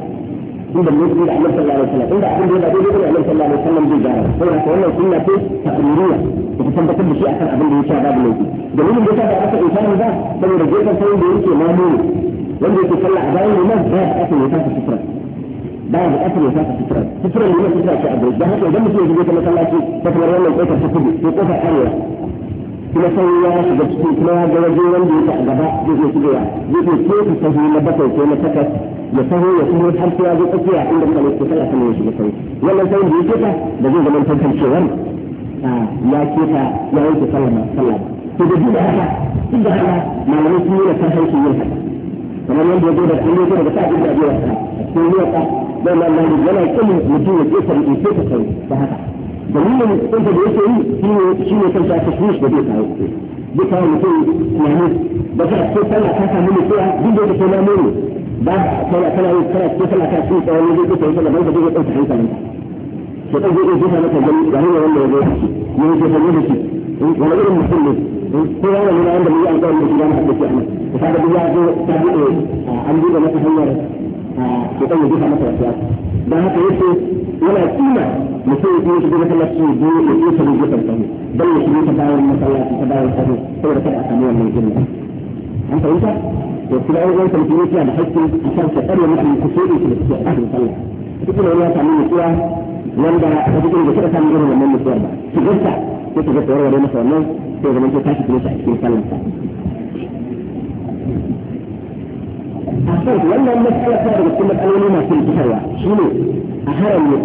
دي بالنسبه للنبي صلى الله عليه وسلم عند عند النبي صلى الله عليه وسلم دي جاره هو كونه كنا في تقريريه بتكون ده كل شيء عشان قبل اللي يشاء باب لوجي دليل ان ده بقى الانسان ده ده اللي جيت سوي ده يمكن ما مو وانت تطلع عبايه لمن ده اكل وفاه الفطره ده الاكل وفاه الفطره الفطره اللي هي الفطره في عبد ده هتلاقي جنب في البيت مثلا في فتره يلا القطر في كده في قطر حلوه kuma sai ya shiga ciki kuma ya ga waje wanda ya a gaba zai iya shiga zai iya kefa na bakwai ko na takwas ya taho ya taho har sai ya zo tsakiya inda kuma ne sallah kuma ya shiga sahu wannan sai da ya keta da zai zama tantancewar ah, ya keta ya wanke sallama sallama to da duka haka duk da haka malamai sun yi na karfin yin haka kamar yadda ya zo da kuma ya da sa'adin da ya zo da sa'a cikin yi wa yana don yana kin mutum ya ke da ya ke sahu da haka dalilin kansa da yake yi shi ne shi ne kansa da zai kawo kuɗi zai kawo mutum tunani ba za a ce tana ta samu mutuwa duk da ta na mene ba tana tana yi tana ce tana ta su tsawon ne zai ta yi sallah banka zai ɗauka hankalin ta ɗan zai jefa mata gani gani ne wanda ya zo shi ne ya jefa ne da shi wani irin mutum ne ko ya wani naan da bai yi alƙawarin da shi ba na haɗa shi a nan ta ga duk ya zo ta buɗe an buɗe mata hanyar ko ɗan ya jefa mata wasu da haka yake yana kima mutum ya shiga masallaci ya je ya je sa rubuta sahu dan ya shiga ta bayan masallaci ta bayan sahu saboda kada a samu wannan jinna an fahimta to kuma ai wannan mutum a da hakkin a kan ta tsare mutum ku sai shi da suke ahli sallah duk da ya samu mutuwa wanda a cikin da suka samu irin wannan mutuwar ba ki gaska ko ki gaska warware masa wannan sai zaman ta tashi ki a cikin sallah أحسنت ولا الناس كلا صار بس لك أنا لما كنت سوا شنو أهرني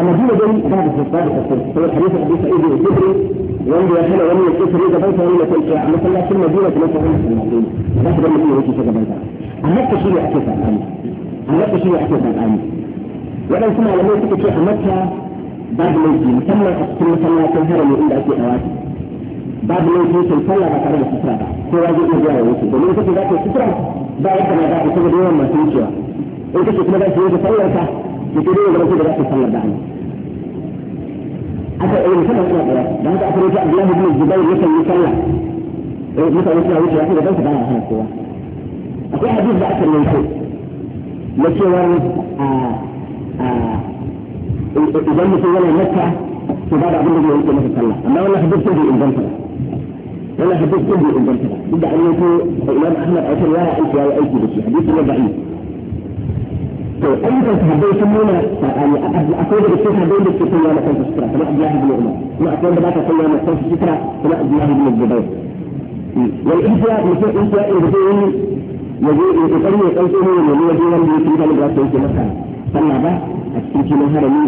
أنا هنا جاي بعد في الصادق الصدق هو حديث أبي سعيد الخدري وعندي أهلا ومن الكفر إذا بنت ولا كنت مثلا في المدينة مثلا في المدينة بس ده المدينة وجهي كذا بنت أهلك شنو أحكيها الآن أهلك شنو أحكيها الآن وأنا سمع لما يكتب في حمتها بعد ما يجي مثلا في مثلا في الهرم عند أبي أواتي babu laifin sun sallah ba tare da sutura ba ko ya zai iya zuwa wuce domin kake za ka sutura ba ya kana za ka saboda yawan masu wucewa in kake kuma za ka yi da sallar ka ki da rasu da za ka sallar da Allah aka yi musamman suna tsara da haka aka rufe Abdullahi bin Zubair yakan yi sallah eh mutane suna wucewa ko da kansa ba hana kowa akwai hadisi da aka rufe na cewa idan mutum yana nakka to ba da abin da zai yi masa sallah amma wannan hadisi bai inganta ولا حديث كله في الجنة بدع علمته الإمام أحمد عشر يا ألف ولا ألف بس حديث ولا ضعيف أيضا تحدي سمونا أقول بالسيطة بين بالسيطة يا مكان السكرة فلا أجلاه بن عمر ولا أقول بذاك سيئة مكان السكرة فلا أجلاه بن الزبير والإحياء مثل إحياء يبدو يجي يقرر يقلته ويجي يجي يجي يجي يجي يجي يجي يجي يجي a cikin filin harami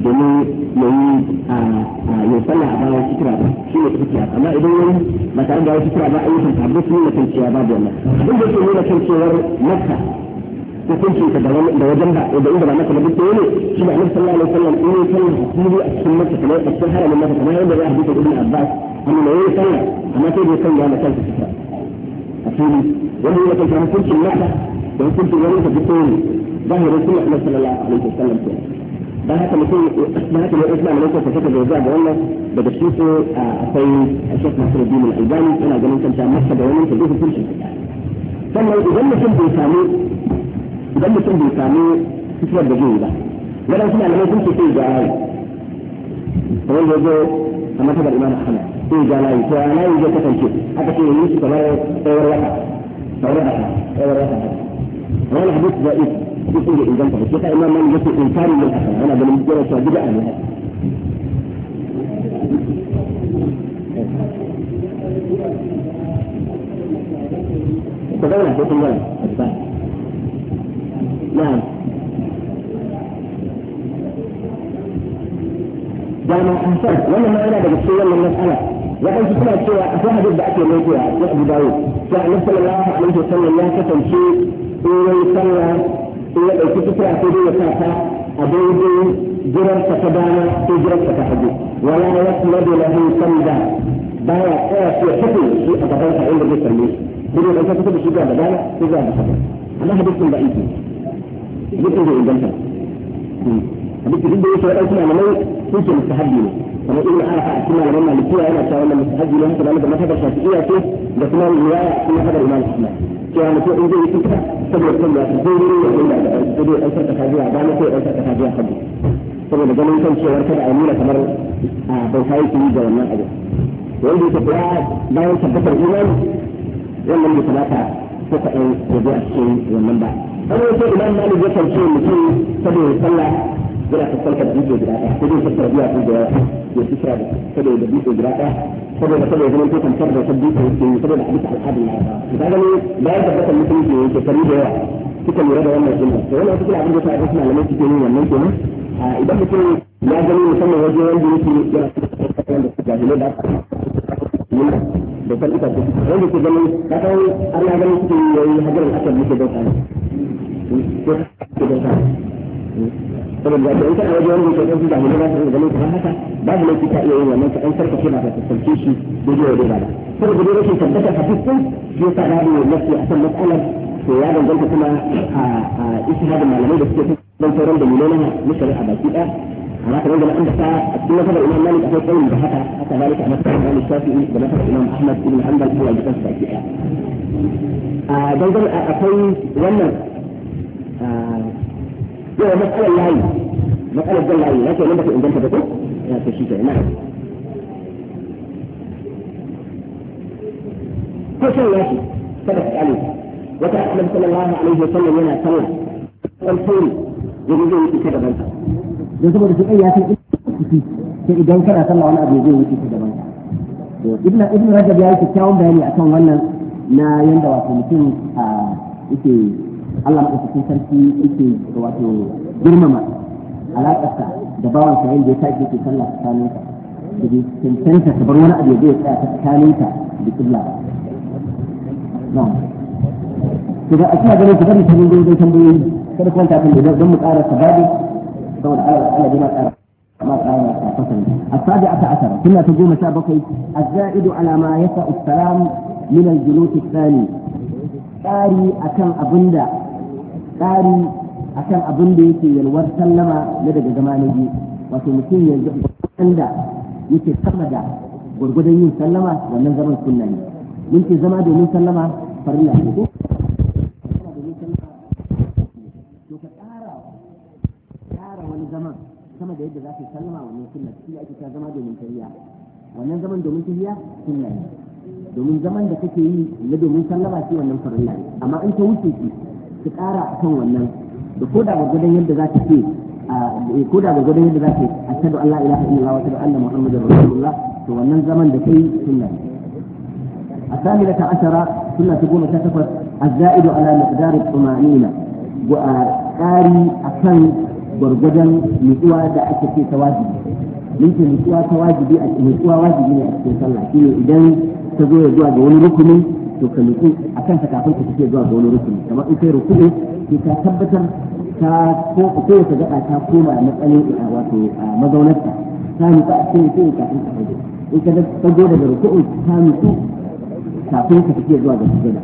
domin ya yi ya sallah a bayan sutura ba shi ne sutura amma idan wani ba tare da wani sutura ba ayyukan abu sun nuna kan cewa babu wannan abin da ke nuna kan cewar makka hukuncin ka da wajen ba da inda ba maka ba duk ne shi da annabi sallallahu alaihi wasallam in yi sallah a fili a cikin makka kamar a cikin haramin makka kamar yadda ya hadisa ibn abbas amma ne yayi sallah amma sai bai sanya maka sutura a fili wanda yana kan hukuncin makka da hukuncin wani ka duk ne ظهر رسول الله صلى الله عليه وسلم فيها. ده حتى مثل ده حتى لو اسمع من انت فكرت بوزع بقول لك الشيخ نصر الدين الالباني انا جميل كان شعر مصر بقول لك بيقول كل شيء ثم يظل كل بيسامي يظل كل بيسامي كتير بجيل ده ولا اسمع من انت كنت في جعال بقول له ده انا تبع الامام احمد في جعالي في جعالي وجيه حتى كي يوسف تبعه تبعه رفع تبعه رفع تبعه رفع يقول إذا أنت بس إمام مالك يقول إنكار للأثر أنا بالنسبة لي شاذ بدعة تبين حديث الولد نعم دام احسنت ولا ما انا بدي شيء من المساله وكان في سنه شيء في واحد يبدا في الموضوع ابو داوود كان النبي صلى الله عليه وسلم لا تفهم شيء ويصلى in ya ɗauki fitra sai dai ya sa ta a daidai jirarsa ta dama ko jirarsa ta hagu wala ya kuma da lahu sanda ba ya tsaya sai ya fito shi a gaban sa inda zai kalle shi duk da ka fito da shi ga da dama ko ga da hagu amma hadisin ba yake yake da inganta hadisin duk da yake ya ɗauki malamai sun ce mustahabbi ne kamar ibn arafa a cikin malaman malikiya yana cewa wannan mustahabbi ne haka da mazhabar shafi'iyya ce da kuma riwaya kuma hadar imam ahmad cewa mutum in zai fita saboda kan ya zai yi ya nuna da sai dai ɗaukar kasa ba na sai ɗaukar kasa zuwa saboda ganin kan cewa kada a nuna kamar bauta yake yi da wannan abu wanda yake kuwa bayan tabbatar imani wannan bai kamata ko kaɗan ya zo a cikin wannan ba. Wani wasu idan ya mutum saboda sallah yana fuskantar dutse guda ɗaya ko zai fassara biya ko da ya fitra saboda dutse guda ɗaya saboda saboda zaman ko tamtar da sabbi ko yake yi saboda abin al'adun ya ta gani bayan tabbatar mutum ke yake fari da yawa suka lura da wannan sunna to wannan cikin abin da ta aiki malamai suke yin wannan kenan idan mutum ya gani musamman waje wanda yake yana da jahilai da da kan ita wanda ke gani ka kawo an ya gani suke yi hajarar asali ke bauta ne ko ke bauta ne saboda da in a waje wanda ke ɗauki da hulɗa su zama kamar haka babu laifi ka iya yin wannan ka sarka karkace ba ta tsarkake shi daidai wa daidai ba saboda dai rashin tabbatar hadisin shi yasa babu nafi a kan matsalar to ya danganta kuma a ishihadin malamai da suke don sauran dalilai na mushari a baki ɗaya amma kamar da an ta a cikin nasarar imam malik akwai tsayin da haka haka zalika a nasarar imam shafi'i da nasarar imam ahmad ibn hanbal ko a jikin su baki ɗaya a dangane akwai wannan يو مسألة اللعين مسألة جل اللعين لكي لم تكن انجلت بكو لا تشيك يا معنى كل شيء ياشي سبق عليه وكان صلى الله عليه وسلم لنا صلى والصور يجوزون في كده بنتا يجوزون في أي ياسي إذا كان صلى الله عليه وسلم في كده بنتا ابن ابن رجب يا ايتي كاون بيني اتون لنا لا يندوى في مكين اه ايتي Allah madaukakin sarki yake wato girmama alaƙarsa da bawan sa yanda ya sa yake sallah tsakanin ka da bi wani abu ya zai tsaya tsakanin ka da kibla to da ganin ku bari ta mun dai tambayoyi kada ku kan da don mu ƙara sababi saboda Allah Allah yana ƙara tsari akan ƙari kan abin da yake yalwar sallama na daga zama na biyu wato mutum yanzu da yake sama da gwargwadon yin sallama wannan zaman sunna ne mun ce zama domin sallama farilla ne ko to ka ƙara ƙara wani zaman sama da yadda za ka sallama wannan sunna shi ake ta zama domin tariya wannan zaman domin tariya sunna ne domin zaman da kake yi na domin sallama shi wannan farilla ne amma in ta wuce shi su ƙara a kan wannan da ko da gwargwadon yadda za ta ce ko da gwargwadon yadda za ta ashadu Allah ilaha illallah wa ashadu anna muhammadar rasulullah to wannan zaman da kai sunna الثامنة عشرة سنة تقول تكفر الزائد على مقدار الطمأنينة وقاري akan gwargwadon nutsuwa da ake ce ta wajibi nufin nutsuwa ta wajibi a nutsuwa wajibi ne a cikin sallah shine idan ta zo ya zuwa ga wani rukunin to ka nutsu a kan ta kafin ka fice zuwa ga wani rukuni kamar in kai rukuni sai ka tabbatar ta ko ko ka gada ta koma a wato a mazaunarta ta nutsu a cikin rukuni kafin ka fage in ka dago daga rukuni ta nutsu kafin ka fice zuwa ga sujada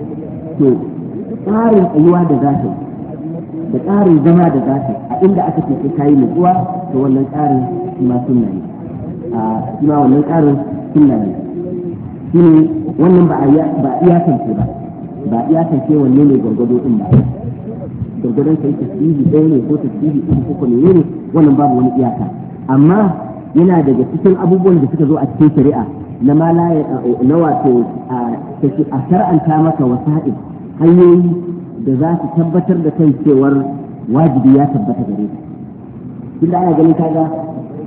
to tsarin tsayuwa da za da tsarin zama da za a inda aka ce sai kayi nutsuwa to wannan tsarin shi ma sunna ne a shi ma wannan tsarin sunna ne shi ne wannan ba a iyakance ba ba a iyakance wanne ne gwargwado din ba gwargwadon sai tasbihi ɗaya ne ko ta tasbihi uku ko ne ne wannan babu wani iyaka amma yana daga cikin abubuwan da suka zo a cikin shari'a na ma na wato a shar'anta maka wasa'id hanyoyi da za su tabbatar da kai cewar wajibi ya tabbata gare ka tunda ana ganin kaga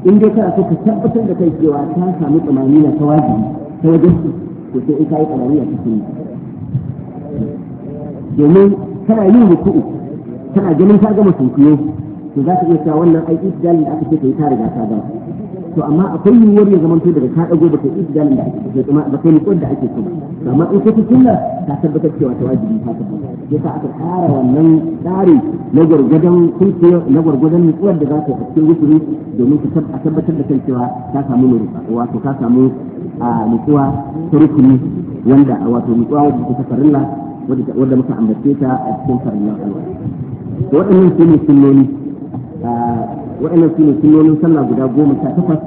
in dai kana so ka tabbatar da kai cewa ta samu tsamani na ta wajibi ta wajen to sai in kai kamariya ta sunna domin kana yin ruku'u tana ganin ta gama sunkuyo to za ka iya cewa wannan aiki da aka ce ta yi ta riga ta gama to amma akwai yiwuwar ya zamanto daga ka dago baka yi idalin da ake so kuma baka yi da ake so amma in kai sunna ta tabbatar cewa ta wajibi ta tabbata Yasa ka aka tsara wannan tsari na gwargwadon kunce na gwargwadon nutsuwar da za ka a cikin wuturi domin ka tabbatar da kan cewa ka samu nutsuwa wato ka samu a mutuwa ta rukuni wanda wato mutuwa wadda ta farilla wadda muka ambace ta a cikin farillan alwala to waɗannan su ne sunnoni waɗannan su ne sunnonin sallah guda goma sha takwas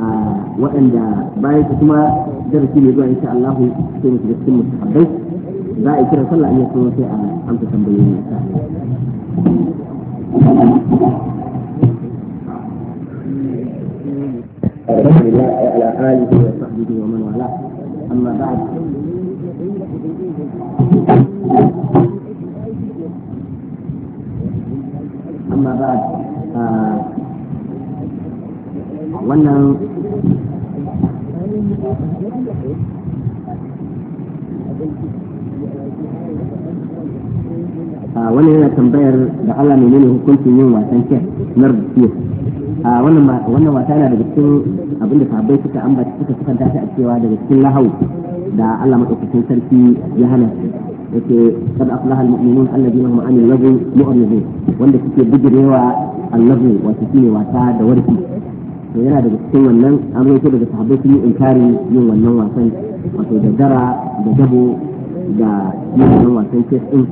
a waɗanda bayan su kuma darasi ne zuwa insha Allah sai mu shiga cikin musahabbai za a yi kiran sallah in ya so sai a amsa tambayoyi insha Allah
الحمد لله وعلى
آله وصحبه ومن والاه أما بعد أما بعد آه wannan a wannan yana tambayar da Allah menene hukuncin yin wasan ke na rubutu a wannan wasa yana daga cikin abin da sabai suka ambata suka suka dace a cewa daga cikin lahau da Allah madaukakin sarki ya hana yake kad aflaha almu'minun alladhina hum 'anil lagwi mu'ridun wanda suke bijirewa al-lagwi wato shine wasa da warki to yana daga cikin wannan an daga sahabbai sun yi inkari yin wannan wasan wato da dara da dabo da yin wannan wasan kes din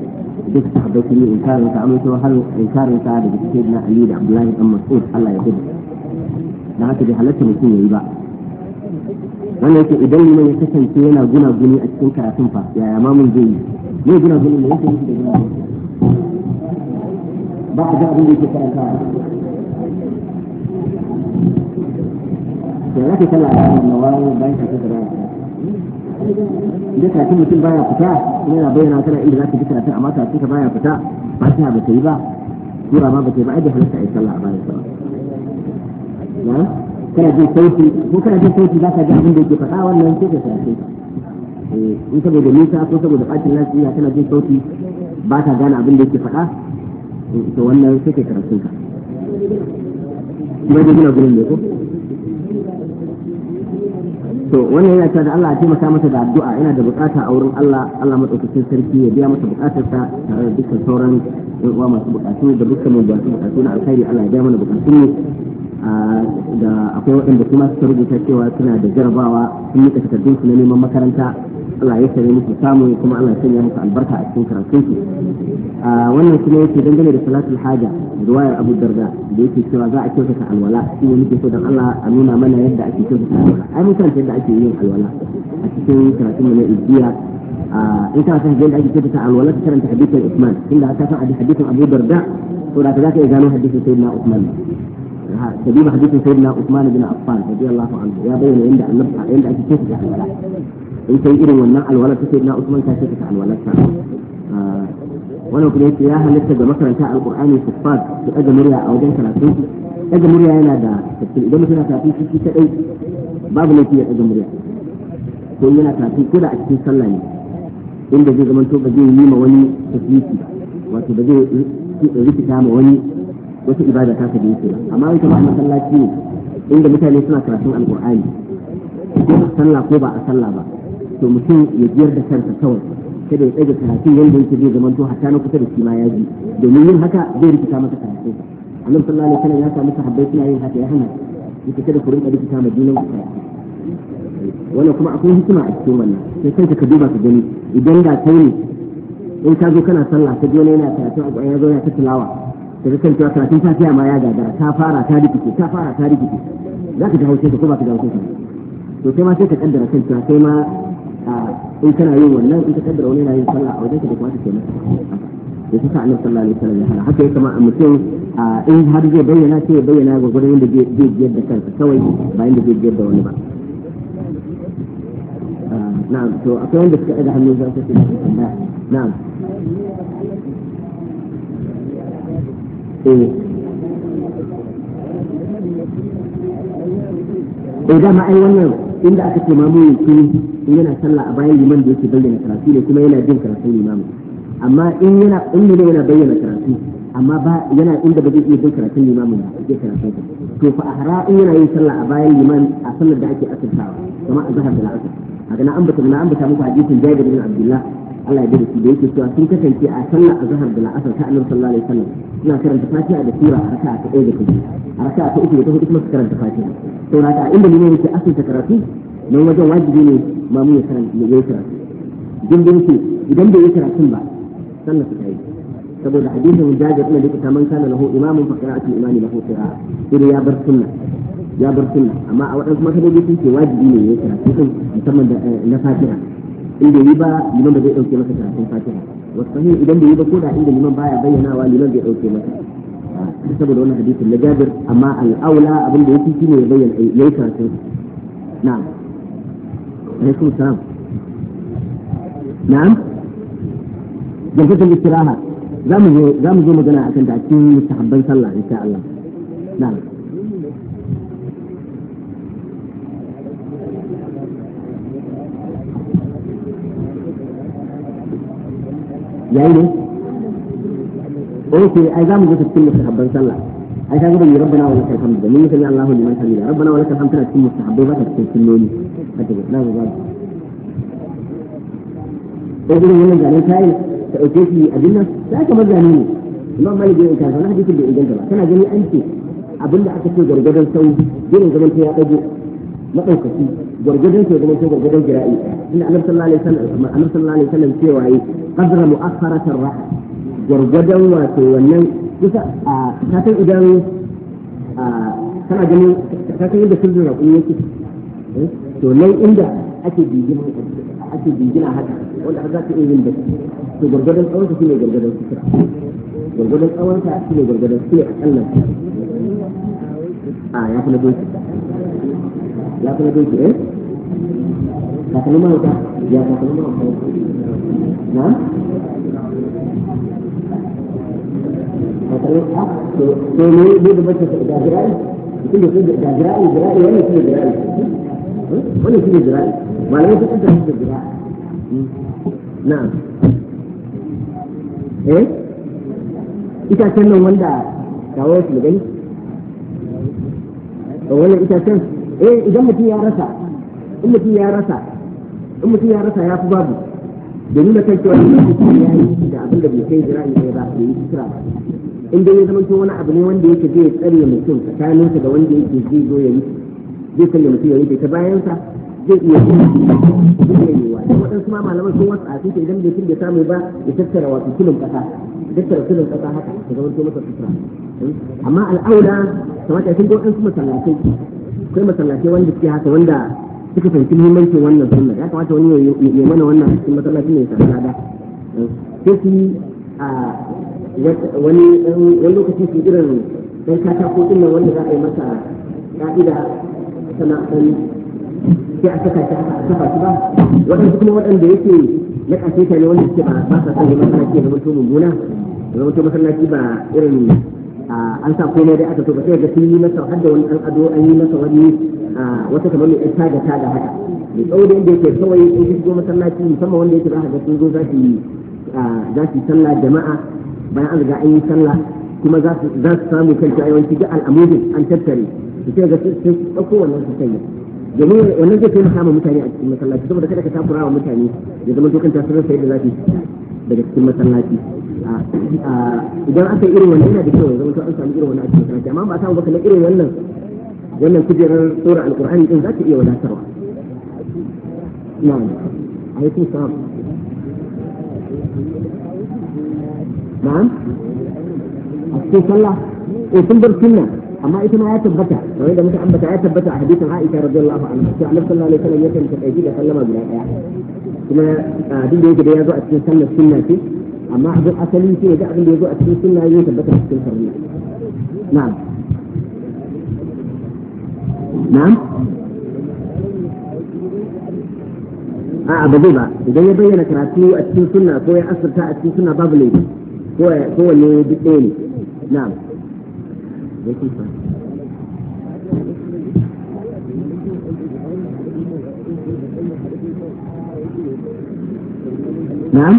duk sahabbai sun yi inkarin sa an rawaito har inkarin sa daga cikin na Ali da Abdullahi dan Mas'ud Allah ya gudu dan haka bai halatta mutum yayi ba wannan yake idan ne ya kasance yana guna guni a cikin karatun fa yaya ma mun zai yi ne guna guni ne yake yi da guna ba a ga abin da yake karanta
da za ka da alamar na wawo bayan ka kasa
baya da karatun mutum baya fita yana bayyana kana inda za ka ji karatun amma karatun ka baya fita ba ta ba ta yi ba sura ma ba ta yi ba ai da halatta ai sallah a bayan sa kana jin sauti ko kana jin sauti za ka ji abin da yake faɗa wannan sai ka shafe eh, in saboda nisa ko saboda ɓacin lafiya kana jin sauti ba ka gane abin da yake faɗa to wannan sai ka karatun ka. Kuma da gina gurin ne ko? to wannan yana cewa Allah ya taimaka masa da addu'a yana da bukata a wurin Allah Allah madaukakin sarki ya biya masa sa tare da dukkan sauran yan uwa masu bukatu da dukkan masu bukatu na alkhairi Allah ya biya mana bukatun mu da akwai waɗanda kuma suka rubuta cewa suna da jarabawa sun yi takardun su na neman makaranta Allah ya sare muku samu kuma Allah ya sanya muku albarka a cikin karatun su wannan kuma yake dangane da salatul haja riwayar Abu Darda da yake cewa za a kyautata alwala shi ne muke so dan Allah a nuna mana yadda ake kyautata alwala ai mun yadda ake yin alwala a cikin karatun mu na ibiya in kana san yadda ake kyautata alwala ta karanta hadisin Usman inda ka san hadisin Abu Darda to da ka zaka iya gano hadisin Sayyidina Usman سبيل حديث سيدنا عثمان بن a رضي الله عنه يا بين عند النبي عند أبي كيف عن irin إن سيد ونا الولد سيدنا عثمان كان كيف عن ولا wannan kuma yake ya halitta ga makaranta alkur'ani kuffar su daga murya a wajen karatu daga murya yana da tafsir idan mutum yana tafi shi kaɗai babu laifi ya daga murya ko yana tafi ko da a cikin sallah ne inda zai zama to ba zai yi ma wani tafsiri wato ba zai rikita ma wani wata ibada ta ka da ba amma ita ba masallaci ne inda mutane suna karatun alqur'ani ko a sallah ko ba a sallah ba to mutum ya jiyar da kansa kawai kada ya tsage karatu yadda yake zai zamanto hatta na kusa da shi ma ya ji domin yin haka zai rikita masa karatu annabi sallallahu alaihi wasallam ya samu sahabbai suna yin haka ya hana yake kada ku rinka rikita ma junan ku karatu wannan kuma akwai hikima a cikin wannan sai kanka ka duba ka gani idan da kai ne in ka zo kana sallah ka je wani yana karatu a ya zo yana ta tilawa daga kan cewa karatun safiya ma ya gagara ka fara ta rikice ka fara ta rikice za ka ji haushe ka ko ba ka ji haushe ka to sai ma sai ka kaddara kan cewa sai ma in kana yin wannan in ka kaddara wani yana yin sallah a wajen ka da kuma ta ke masa da ta sa annabi sallallahu alaihi wasallam ya hana haka ya kama a mutum in har zai bayyana sai ya bayyana ga gurin da zai biyar da kansa kawai ba inda zai biyar da wani ba na'am to akwai wanda suka ɗaga hannu za su ce na'am Eh. eh dama ai wannan inda aka ce mamu ce yana sallah a bayan liman da yake bayyana karatu ne kuma yana jin karatun mamu, amma in yana in ne yana bayyana karatu amma ba yana inda ba zai iya jin karatun mamu ba zai karatun ka to fa ahra in yana yin sallah a bayan liman a sallar da ake asirtawa kamar a zahar da la'asar haka na ambata na ambata muku hadisin da bin Abdullahi. Allah ya da shi da yake cewa sun kasance a sallar zahar da la'asar ta annabi sallallahu alaihi wasallam suna karanta fatiha da sura a raka'a ta ɗaya da kuma a raka'a ta uku da ta hudu kuma su karanta fatiha to raka'a inda ne yake asirta karatu don wajen wajibi ne mamu ya karanta ya yi karatu jin da yake idan bai yi karatun ba sallar su ta yi saboda hadisin jabir ibn dika man kana lahu imamun fa qira'atu imani lahu qira'a sai ya bar sunna ya bar sunna amma a waɗansu masallaci sun ce wajibi ne ya yi karatu musamman da eh, na fatiha in bai yi ba liman ba zai dauke masa karatun fatiha wasu idan bai yi ba ko da inda liman baya bayyanawa liman zai dauke masa ah, saboda wannan hadisin na Jabir amma al'aula abin da yake ne ya bayyana yayi karatun na'am alaikum salam na'am jazatul istiraha zamu je mu je magana akan da cikin mustahabban sallah insha Allah na'am yayi ne oke ai za mu zo cikin mustahabban sallah ai ka gaba rabbana wa lakal hamdu min sami Allahu liman hamida rabbana wa lakal hamdu tana cikin mustahabbai ba ta cikin sunnoni haka na ga zabi ko irin wannan zanen kayan ta dauke shi a dinnan za ka bar zane ne imam malik ya ka zanen hadisin da inganta ba kana gani an ce abinda aka ce gargadon sau dole zaman ta ya dago madaukaki gurgurdan ke zama gurgurdan jira'i inda annabi sallallahu alaihi wasallam annabi sallallahu alaihi wasallam cewa yi qadra mu'akhkharat ar-rah gurgurdan wato wannan kusa a kafin idan kana ganin kafin inda sirrin raƙumi yake eh, to nan inda ake bigina ake bigina haka wanda har za iya yin da to gurgurdan tsawon ka shine gurgurdan sutura gurgurdan tsawon ka shine a kallon a ya fi na doki ya kuma bin shi eh takalmin mahauta ya takalmin mahauta na takalmin a to ne ne da bacci da jira'i mutum da sun da jira'i jira'i wani shi ne jira'i wani shi ne malamai sun kanta shi na eh itacen nan wanda kawo shi gani wannan itacen eh idan mutum ya rasa in mutum ya rasa in mutum ya rasa ya fi babu domin da kai cewa mutum ya yi da abin da bai kai jira'i ne ba da yi kira ba in dai ya zamanto wani abu ne wanda yake zai tsare mutum tsakaninsa da wanda yake zai zo ya yi zai tsare mutum ya yi ta sa, zai iya yi wa da waɗansu ma malaman sun wasu a cikin idan mutum bai samu ba ya tattara wato kulun ƙasa tattara kulun ƙasa haka ta zamanto masa sutura amma al'aula kamata sun ga waɗansu masallatai akwai masallatai wanda suke haka wanda suka fahimci muhimmancin wannan sunna ya kamata wani ya mana wannan cikin masallaci ne ya da sai su a wani wani lokaci su irin dan katako din wanda za a yi masa ka'ida sana'an sai a saka shi a saka shi ba waɗansu kuma waɗanda yake na ƙashe ne wanda suke ba sa son yi masallaci ya zama to mummuna ya zama to masallaci ba irin an sa komai dai aka so ba sai ga sun yi masa har da wani ɗan ado an yi masa wani wata kamar mai ta ga ta da haka mai tsawo inda yake kawai in shigo masallaci musamman wanda yake za ka ga sun zo za su za su sallah jama'a bayan an riga an yi sallah kuma za su samu kan yawanci duk al'amudin an tattare su sai ga sun ɗauko wannan su sanya domin wannan zai taimaka ma mutane a cikin masallaci saboda kada ka takura wa mutane ya zama dokan tasirin sai da za su yi daga cikin masallaci idan aka yi irin wannan yana da kyau ya zama an samu irin wannan a cikin masallaci amma ba a samu ba kamar irin wannan wannan kujerar tsora alkur'ani din za ta iya wadatarwa na'am alaikum salam na'am a cikin sallah ko sun bar sunna amma ita ma ya tabbata kamar da muka ambata ya tabbata a hadisin Aisha radiyallahu anha sai Annabi sallallahu alaihi wasallam ya tantance da sallama guda daya kuma ah, duk da yake da ya zo a cikin sallar sunna ce amma abin asali shi ne duk abin da ya zo a cikin sunna ya tabbata a cikin sunna na'am
na'am a ba zai
ba idan ya bayyana karatu a cikin sunna ko ya asirta a cikin sunna babu laifi ko wanne duk ɗaya ne na'am
na'am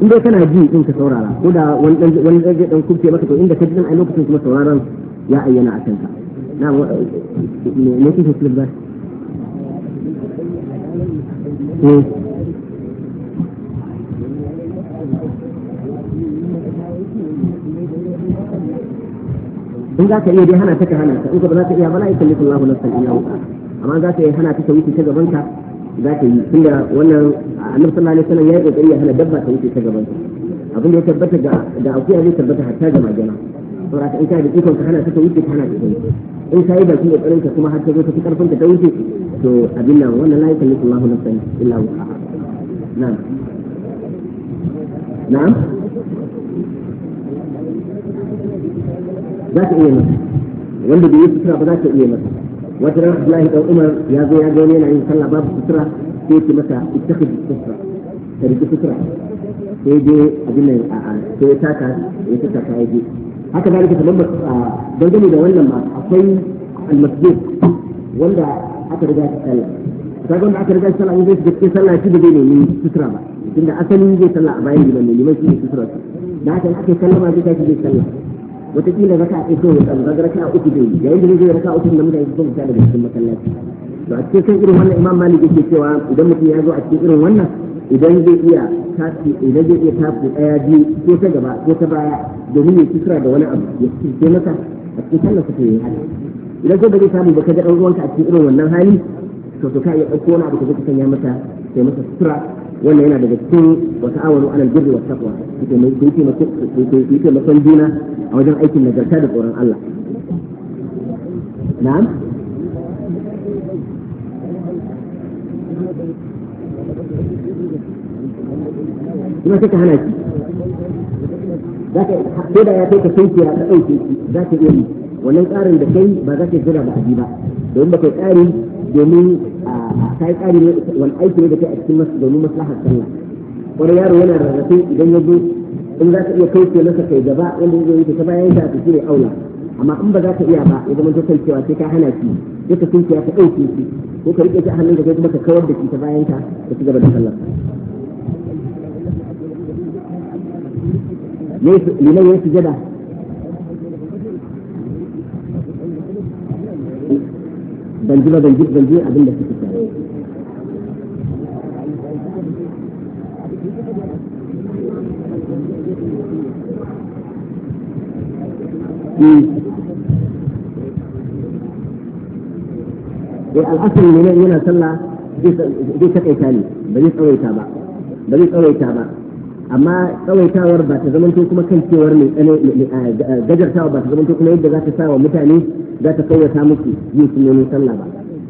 in
kana ji in ka saurara ko da wani dan wani dan maka to inda ka ji a lokacin kuma sauraron ya ayyana a kanka eh. in za ka iya dai hana ta ka hana ta in ka ba za ka iya ba amma za ta yi hana ta ta wuce ta gabanta za ta yi tunda wannan annabi sallallahu alaihi wasallam ya yi kokari ya hana dabba ta wuce ta gabanta abin da ya tabbata ga da akuya zai tabbata hatta ga magana saboda ka in ka da ikon ka hana ta ta wuce ta hana ta in ka yi bakin kokarin ka kuma har ta zo ta fi karfin ta ta wuce to abin nan wannan la yukallifu Allahu nafsan illa wusaha na'am na'am za ta iya masa wanda bai yi sutura ba za ta iya masa وجرى عبد الله بن عمر يا زي يا زي يعني صلى باب فترة في متى اتخذ فترة تريد فترة تيجي أدنى تيتاكا تيتاكا يجي هكذا ذلك تمام بلدني آه، ده ولا أصي المسجد ولا هكذا رجع تسأل تقول معك رجع تسأل عن ذي سجد تسأل عن من فترة ما أصلي ذي تسأل عن بعيد مني لما يجي فترة ده كان أكيد wataƙila raka a ita wata ba raka a uku dai yayin da zai raka uku da mutane yi fita daga cikin masallaci to a cikin san irin wannan imam malik yake cewa idan mutum ya zo a cikin irin wannan idan zai iya tafi idan zai iya tafi ɗaya biyu ko ta gaba ko ta baya domin ya kisra da wani abu ya kisra masa a cikin sallar ta yi hali idan ko ba zai samu ba ka ga ɗan uwanka a cikin irin wannan hali to to ka iya ɗauko wani abu ka zai ka sanya masa sai masa sutura wannan yana daga cikin wata awanu alal birri wa taqwa yake mai yake mai yake mai juna a wajen aikin nagarta da tsoron Allah na'am kuma take hana ko da ya kai ka sai iya yi wannan tsarin da kai ba za ka jira ba abi ba domin ba kai tsari domin ta yi tsari wani aiki ne da kai a cikin masu domin maslahar sallah wani yaro yana rarrafe idan ya zo in za ka iya kai ce masa kai gaba wanda zai yi ta bayan ta shi ne aula amma in ba za ka iya ba ya zama ta kai cewa sai ka hana shi sai ka tunce ka ɗauke shi ko ka riƙe shi a hannun da kai kuma ka kawar da shi ta bayan ka ka ci gaba da sallah liman ya ban ji ba ban ji ban ji abin da suke tare hmm. eh al'asar ne yana sallah zai taƙaita ne ba zai tsawaita ba ba zai tsawaita ba amma tsawaitawar ba ta zamanto kuma kan cewar mai tsane gajartawa ba ta zamanto kuma yadda za ta sa wa mutane za ta kawata musu yin nemi sallah ba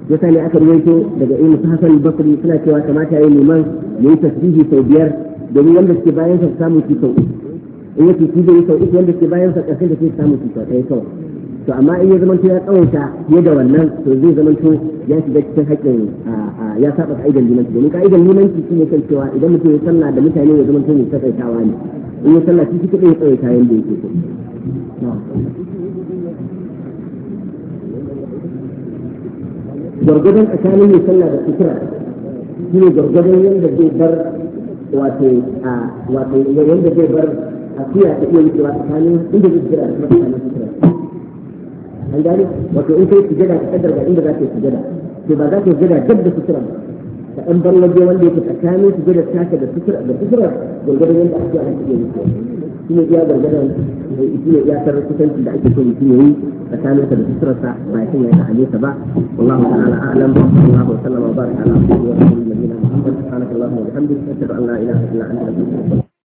yasa ne aka ruwaito daga ibn hasan basri suna cewa kamata yayi liman yayi tasbihi sau biyar domin wanda suke bayan sa samu su sau uku in yake shi zai sau uku wanda suke bayan sa karshen da suke samu su sau ɗaya kawai to amma in ya zamanto ya tsawaita fiye da wannan to zai zamanto ya shiga cikin haƙƙin ya saba ka'idan limanci domin ka'idan limanci shi ne kan cewa idan mutum ya sallah da mutane ya zamanto mai tsawaitawa ne in ya sallah shi kaɗai ya tsawaita yadda yake so. gwargwadon tsakanin mai sallah da sutura shi ne gwargwadon yadda zai bar wato wato yadda zai bar a ta iya wucewa tsakanin inda zai jira da kuma tsakanin sutura an gane wato in kai sujada ka kaddara inda za ka yi sujada to ba za ka yi sujada dab da sutura ba ka dan bar waje wanda yake tsakanin sujada taka da sutura da sutura gurgurdan yadda ake ana cikin yi shine iya gurgurdan shine iya tarar kusanci da ake so mutum yayi tsakanin da sutura sa ba ya sanya ta alisa ba wallahu ta'ala a'lam wa sallallahu wa sallama wa baraka ala sayyidina muhammad subhanallahi wa bihamdihi ashhadu an la ilaha illa anta astaghfiruka